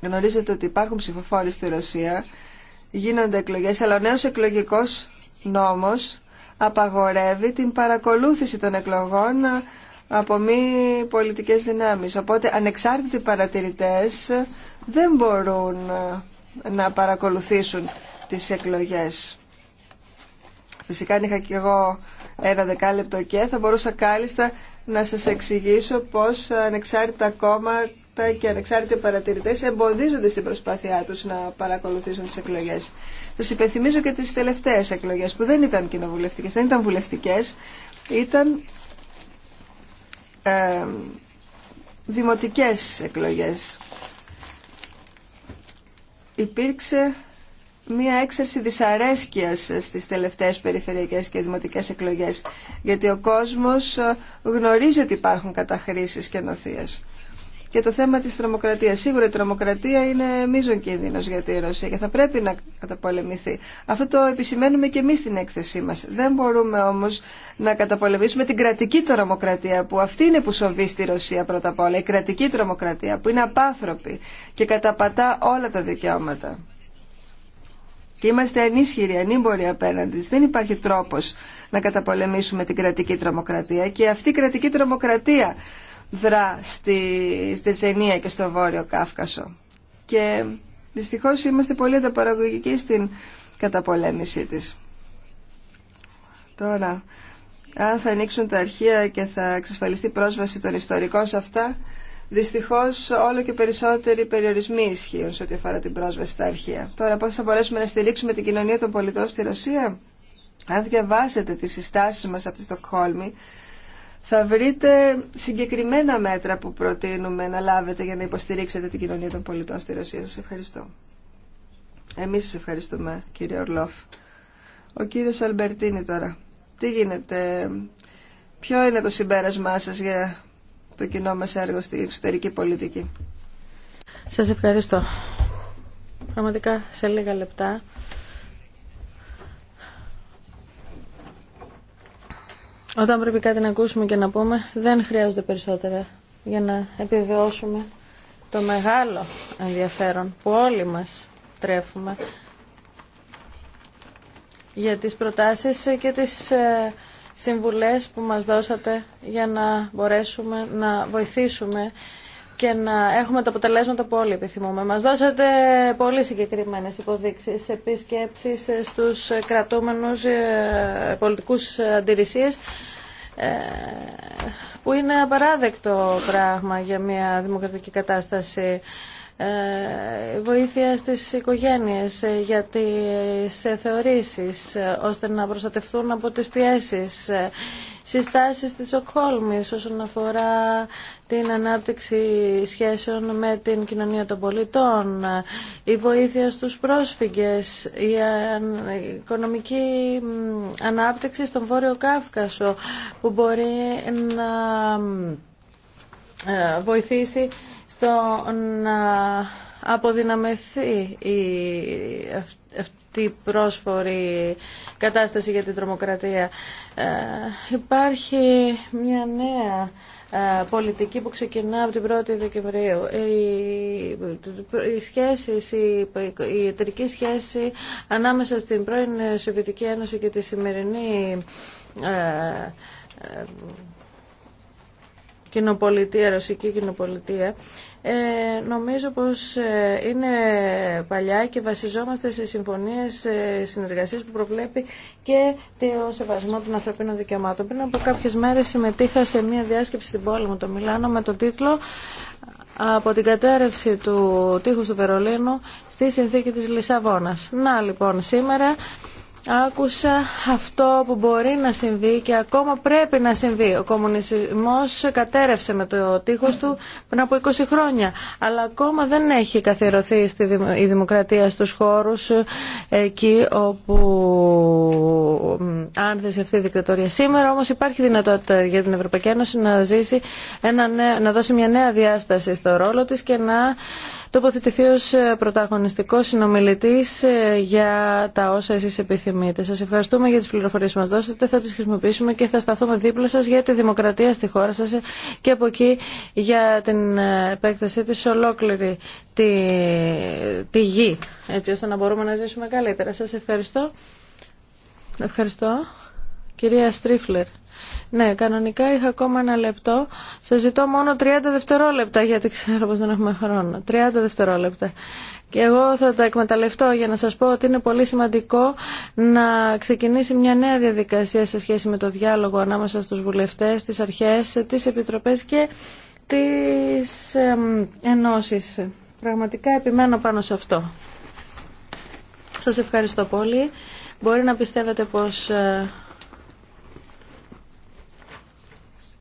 Γνωρίζετε ότι υπάρχουν ψηφοφόροι στη Ρωσία, γίνονται εκλογές, αλλά ο νέος εκλογικός νόμος απαγορεύει την παρακολούθηση των εκλογών ε, από μη πολιτικές δυνάμεις. Οπότε ανεξάρτητοι παρατηρητές δεν μπορούν ε, να παρακολουθήσουν τις εκλογές. Φυσικά αν είχα και εγώ ένα δεκάλεπτο και θα μπορούσα κάλλιστα να σας εξηγήσω πώς ανεξάρτητα κόμματα και ανεξάρτητοι παρατηρητές εμποδίζονται στην προσπάθειά τους να παρακολουθήσουν τις εκλογές. Σας υπενθυμίζω και τις τελευταίες εκλογές που δεν ήταν κοινοβουλευτικές, δεν ήταν βουλευτικές, ήταν ε, δημοτικές εκλογές. Υπήρξε μία έξαρση δυσαρέσκειας στις τελευταίες περιφερειακές και δημοτικές εκλογές, γιατί ο κόσμος ε, γνωρίζει ότι υπάρχουν καταχρήσεις και νοθείες. Και το θέμα της τρομοκρατίας. Σίγουρα η τρομοκρατία είναι μείζον κίνδυνος για τη Ρωσία και θα πρέπει να καταπολεμηθεί. Αυτό το επισημαίνουμε και εμείς στην έκθεσή μας. Δεν μπορούμε όμως να καταπολεμήσουμε την κρατική τρομοκρατία που αυτή είναι που σοβεί στη Ρωσία πρώτα απ' όλα. Η κρατική τρομοκρατία που είναι απάνθρωπη και καταπατά όλα τα δικαιώματα είμαστε ανίσχυροι, ανήμποροι απέναντι. Δεν υπάρχει τρόπος να καταπολεμήσουμε την κρατική τρομοκρατία και αυτή η κρατική τρομοκρατία δρά στη, στη και στο Βόρειο Κάφκασο. Και δυστυχώ είμαστε πολύ ανταπαραγωγικοί στην καταπολέμησή της. Τώρα, αν θα ανοίξουν τα αρχεία και θα εξασφαλιστεί πρόσβαση των ιστορικών σε αυτά, Δυστυχώς όλο και περισσότεροι περιορισμοί ισχύουν σε ό,τι αφορά την πρόσβαση στα αρχεία. Τώρα πώς θα μπορέσουμε να στηρίξουμε την κοινωνία των πολιτών στη Ρωσία. Αν διαβάσετε τις συστάσεις μας από τη Στοκχόλμη, θα βρείτε συγκεκριμένα μέτρα που προτείνουμε να λάβετε για να υποστηρίξετε την κοινωνία των πολιτών στη Ρωσία. Σας ευχαριστώ. Εμείς σας ευχαριστούμε κύριε Ορλόφ. Ο κύριος Αλμπερτίνη τώρα. Τι γίνεται, ποιο είναι το συμπέρασμά σα για το κοινό μας έργο στη εξωτερική πολιτική. Σας ευχαριστώ. Πραγματικά σε λίγα λεπτά. Όταν πρέπει κάτι να ακούσουμε και να πούμε, δεν χρειάζονται περισσότερα για να επιβεβαιώσουμε το μεγάλο ενδιαφέρον που όλοι μας τρέφουμε για τις προτάσεις και τις ε, συμβουλές που μας δώσατε για να μπορέσουμε να βοηθήσουμε και να έχουμε τα αποτελέσματα που όλοι επιθυμούμε. Μας δώσατε πολύ συγκεκριμένες υποδείξεις, επισκέψεις στους κρατούμενους ε, πολιτικούς αντιρρησίες ε, που είναι απαράδεκτο πράγμα για μια δημοκρατική κατάσταση. Ε, βοήθεια στις οικογένειες ε, για τις ε, θεωρήσεις ώστε να προστατευτούν από τις πιέσεις συστάσεις της Οκχόλμης όσον αφορά την ανάπτυξη σχέσεων με την κοινωνία των πολιτών, η βοήθεια στους πρόσφυγες, η οικονομική ανάπτυξη στον Βόρειο Κάφκασο που μπορεί να βοηθήσει στο να αποδυναμεθεί η, αυτή η πρόσφορη κατάσταση για την τρομοκρατία. Ε, υπάρχει μια νέα ε, πολιτική που ξεκινά από την 1η Δεκεμβρίου. Οι, σχέσεις, η, η εταιρική σχέση ανάμεσα στην πρώην Σοβιετική Ένωση και τη σημερινή ε, ε, κοινοπολιτεία, ρωσική κοινοπολιτεία, ε, νομίζω πως ε, είναι παλιά και βασιζόμαστε σε συμφωνίες ε, συνεργασίες που προβλέπει και το σεβασμό των ανθρωπίνων δικαιωμάτων. Πριν από κάποιες μέρες συμμετείχα σε μια διάσκεψη στην πόλη μου, το Μιλάνο, με τον τίτλο από την κατέρευση του τείχου του Βερολίνου στη συνθήκη της Λισαβόνας. Να λοιπόν σήμερα άκουσα αυτό που μπορεί να συμβεί και ακόμα πρέπει να συμβεί. Ο κομμουνισμός κατέρευσε με το τείχος του πριν από 20 χρόνια, αλλά ακόμα δεν έχει καθιερωθεί η δημοκρατία στους χώρους εκεί όπου άνθεσε αυτή η δικτατορία. Σήμερα όμως υπάρχει δυνατότητα για την Ευρωπαϊκή Ένωση να, ζήσει ένα, να δώσει μια νέα διάσταση στο ρόλο της και να τοποθετηθεί ως ε, πρωταγωνιστικός συνομιλητής ε, για τα όσα εσείς επιθυμείτε. Σας ευχαριστούμε για τις πληροφορίες που μας δώσετε, θα τις χρησιμοποιήσουμε και θα σταθούμε δίπλα σας για τη δημοκρατία στη χώρα σας και από εκεί για την ε, επέκτασή της ολόκληρη τη, τη γη, έτσι ώστε να μπορούμε να ζήσουμε καλύτερα. Σας ευχαριστώ. Ευχαριστώ. Κυρία Στρίφλερ. Ναι, κανονικά είχα ακόμα ένα λεπτό. Σα ζητώ μόνο 30 δευτερόλεπτα, γιατί ξέρω πως δεν έχουμε χρόνο. 30 δευτερόλεπτα. Και εγώ θα τα εκμεταλλευτώ για να σας πω ότι είναι πολύ σημαντικό να ξεκινήσει μια νέα διαδικασία σε σχέση με το διάλογο ανάμεσα στους βουλευτές, τις αρχές, τις επιτροπές και τις ενώσεις. Πραγματικά επιμένω πάνω σε αυτό. Σας ευχαριστώ πολύ. Μπορεί να πιστεύετε πως ε,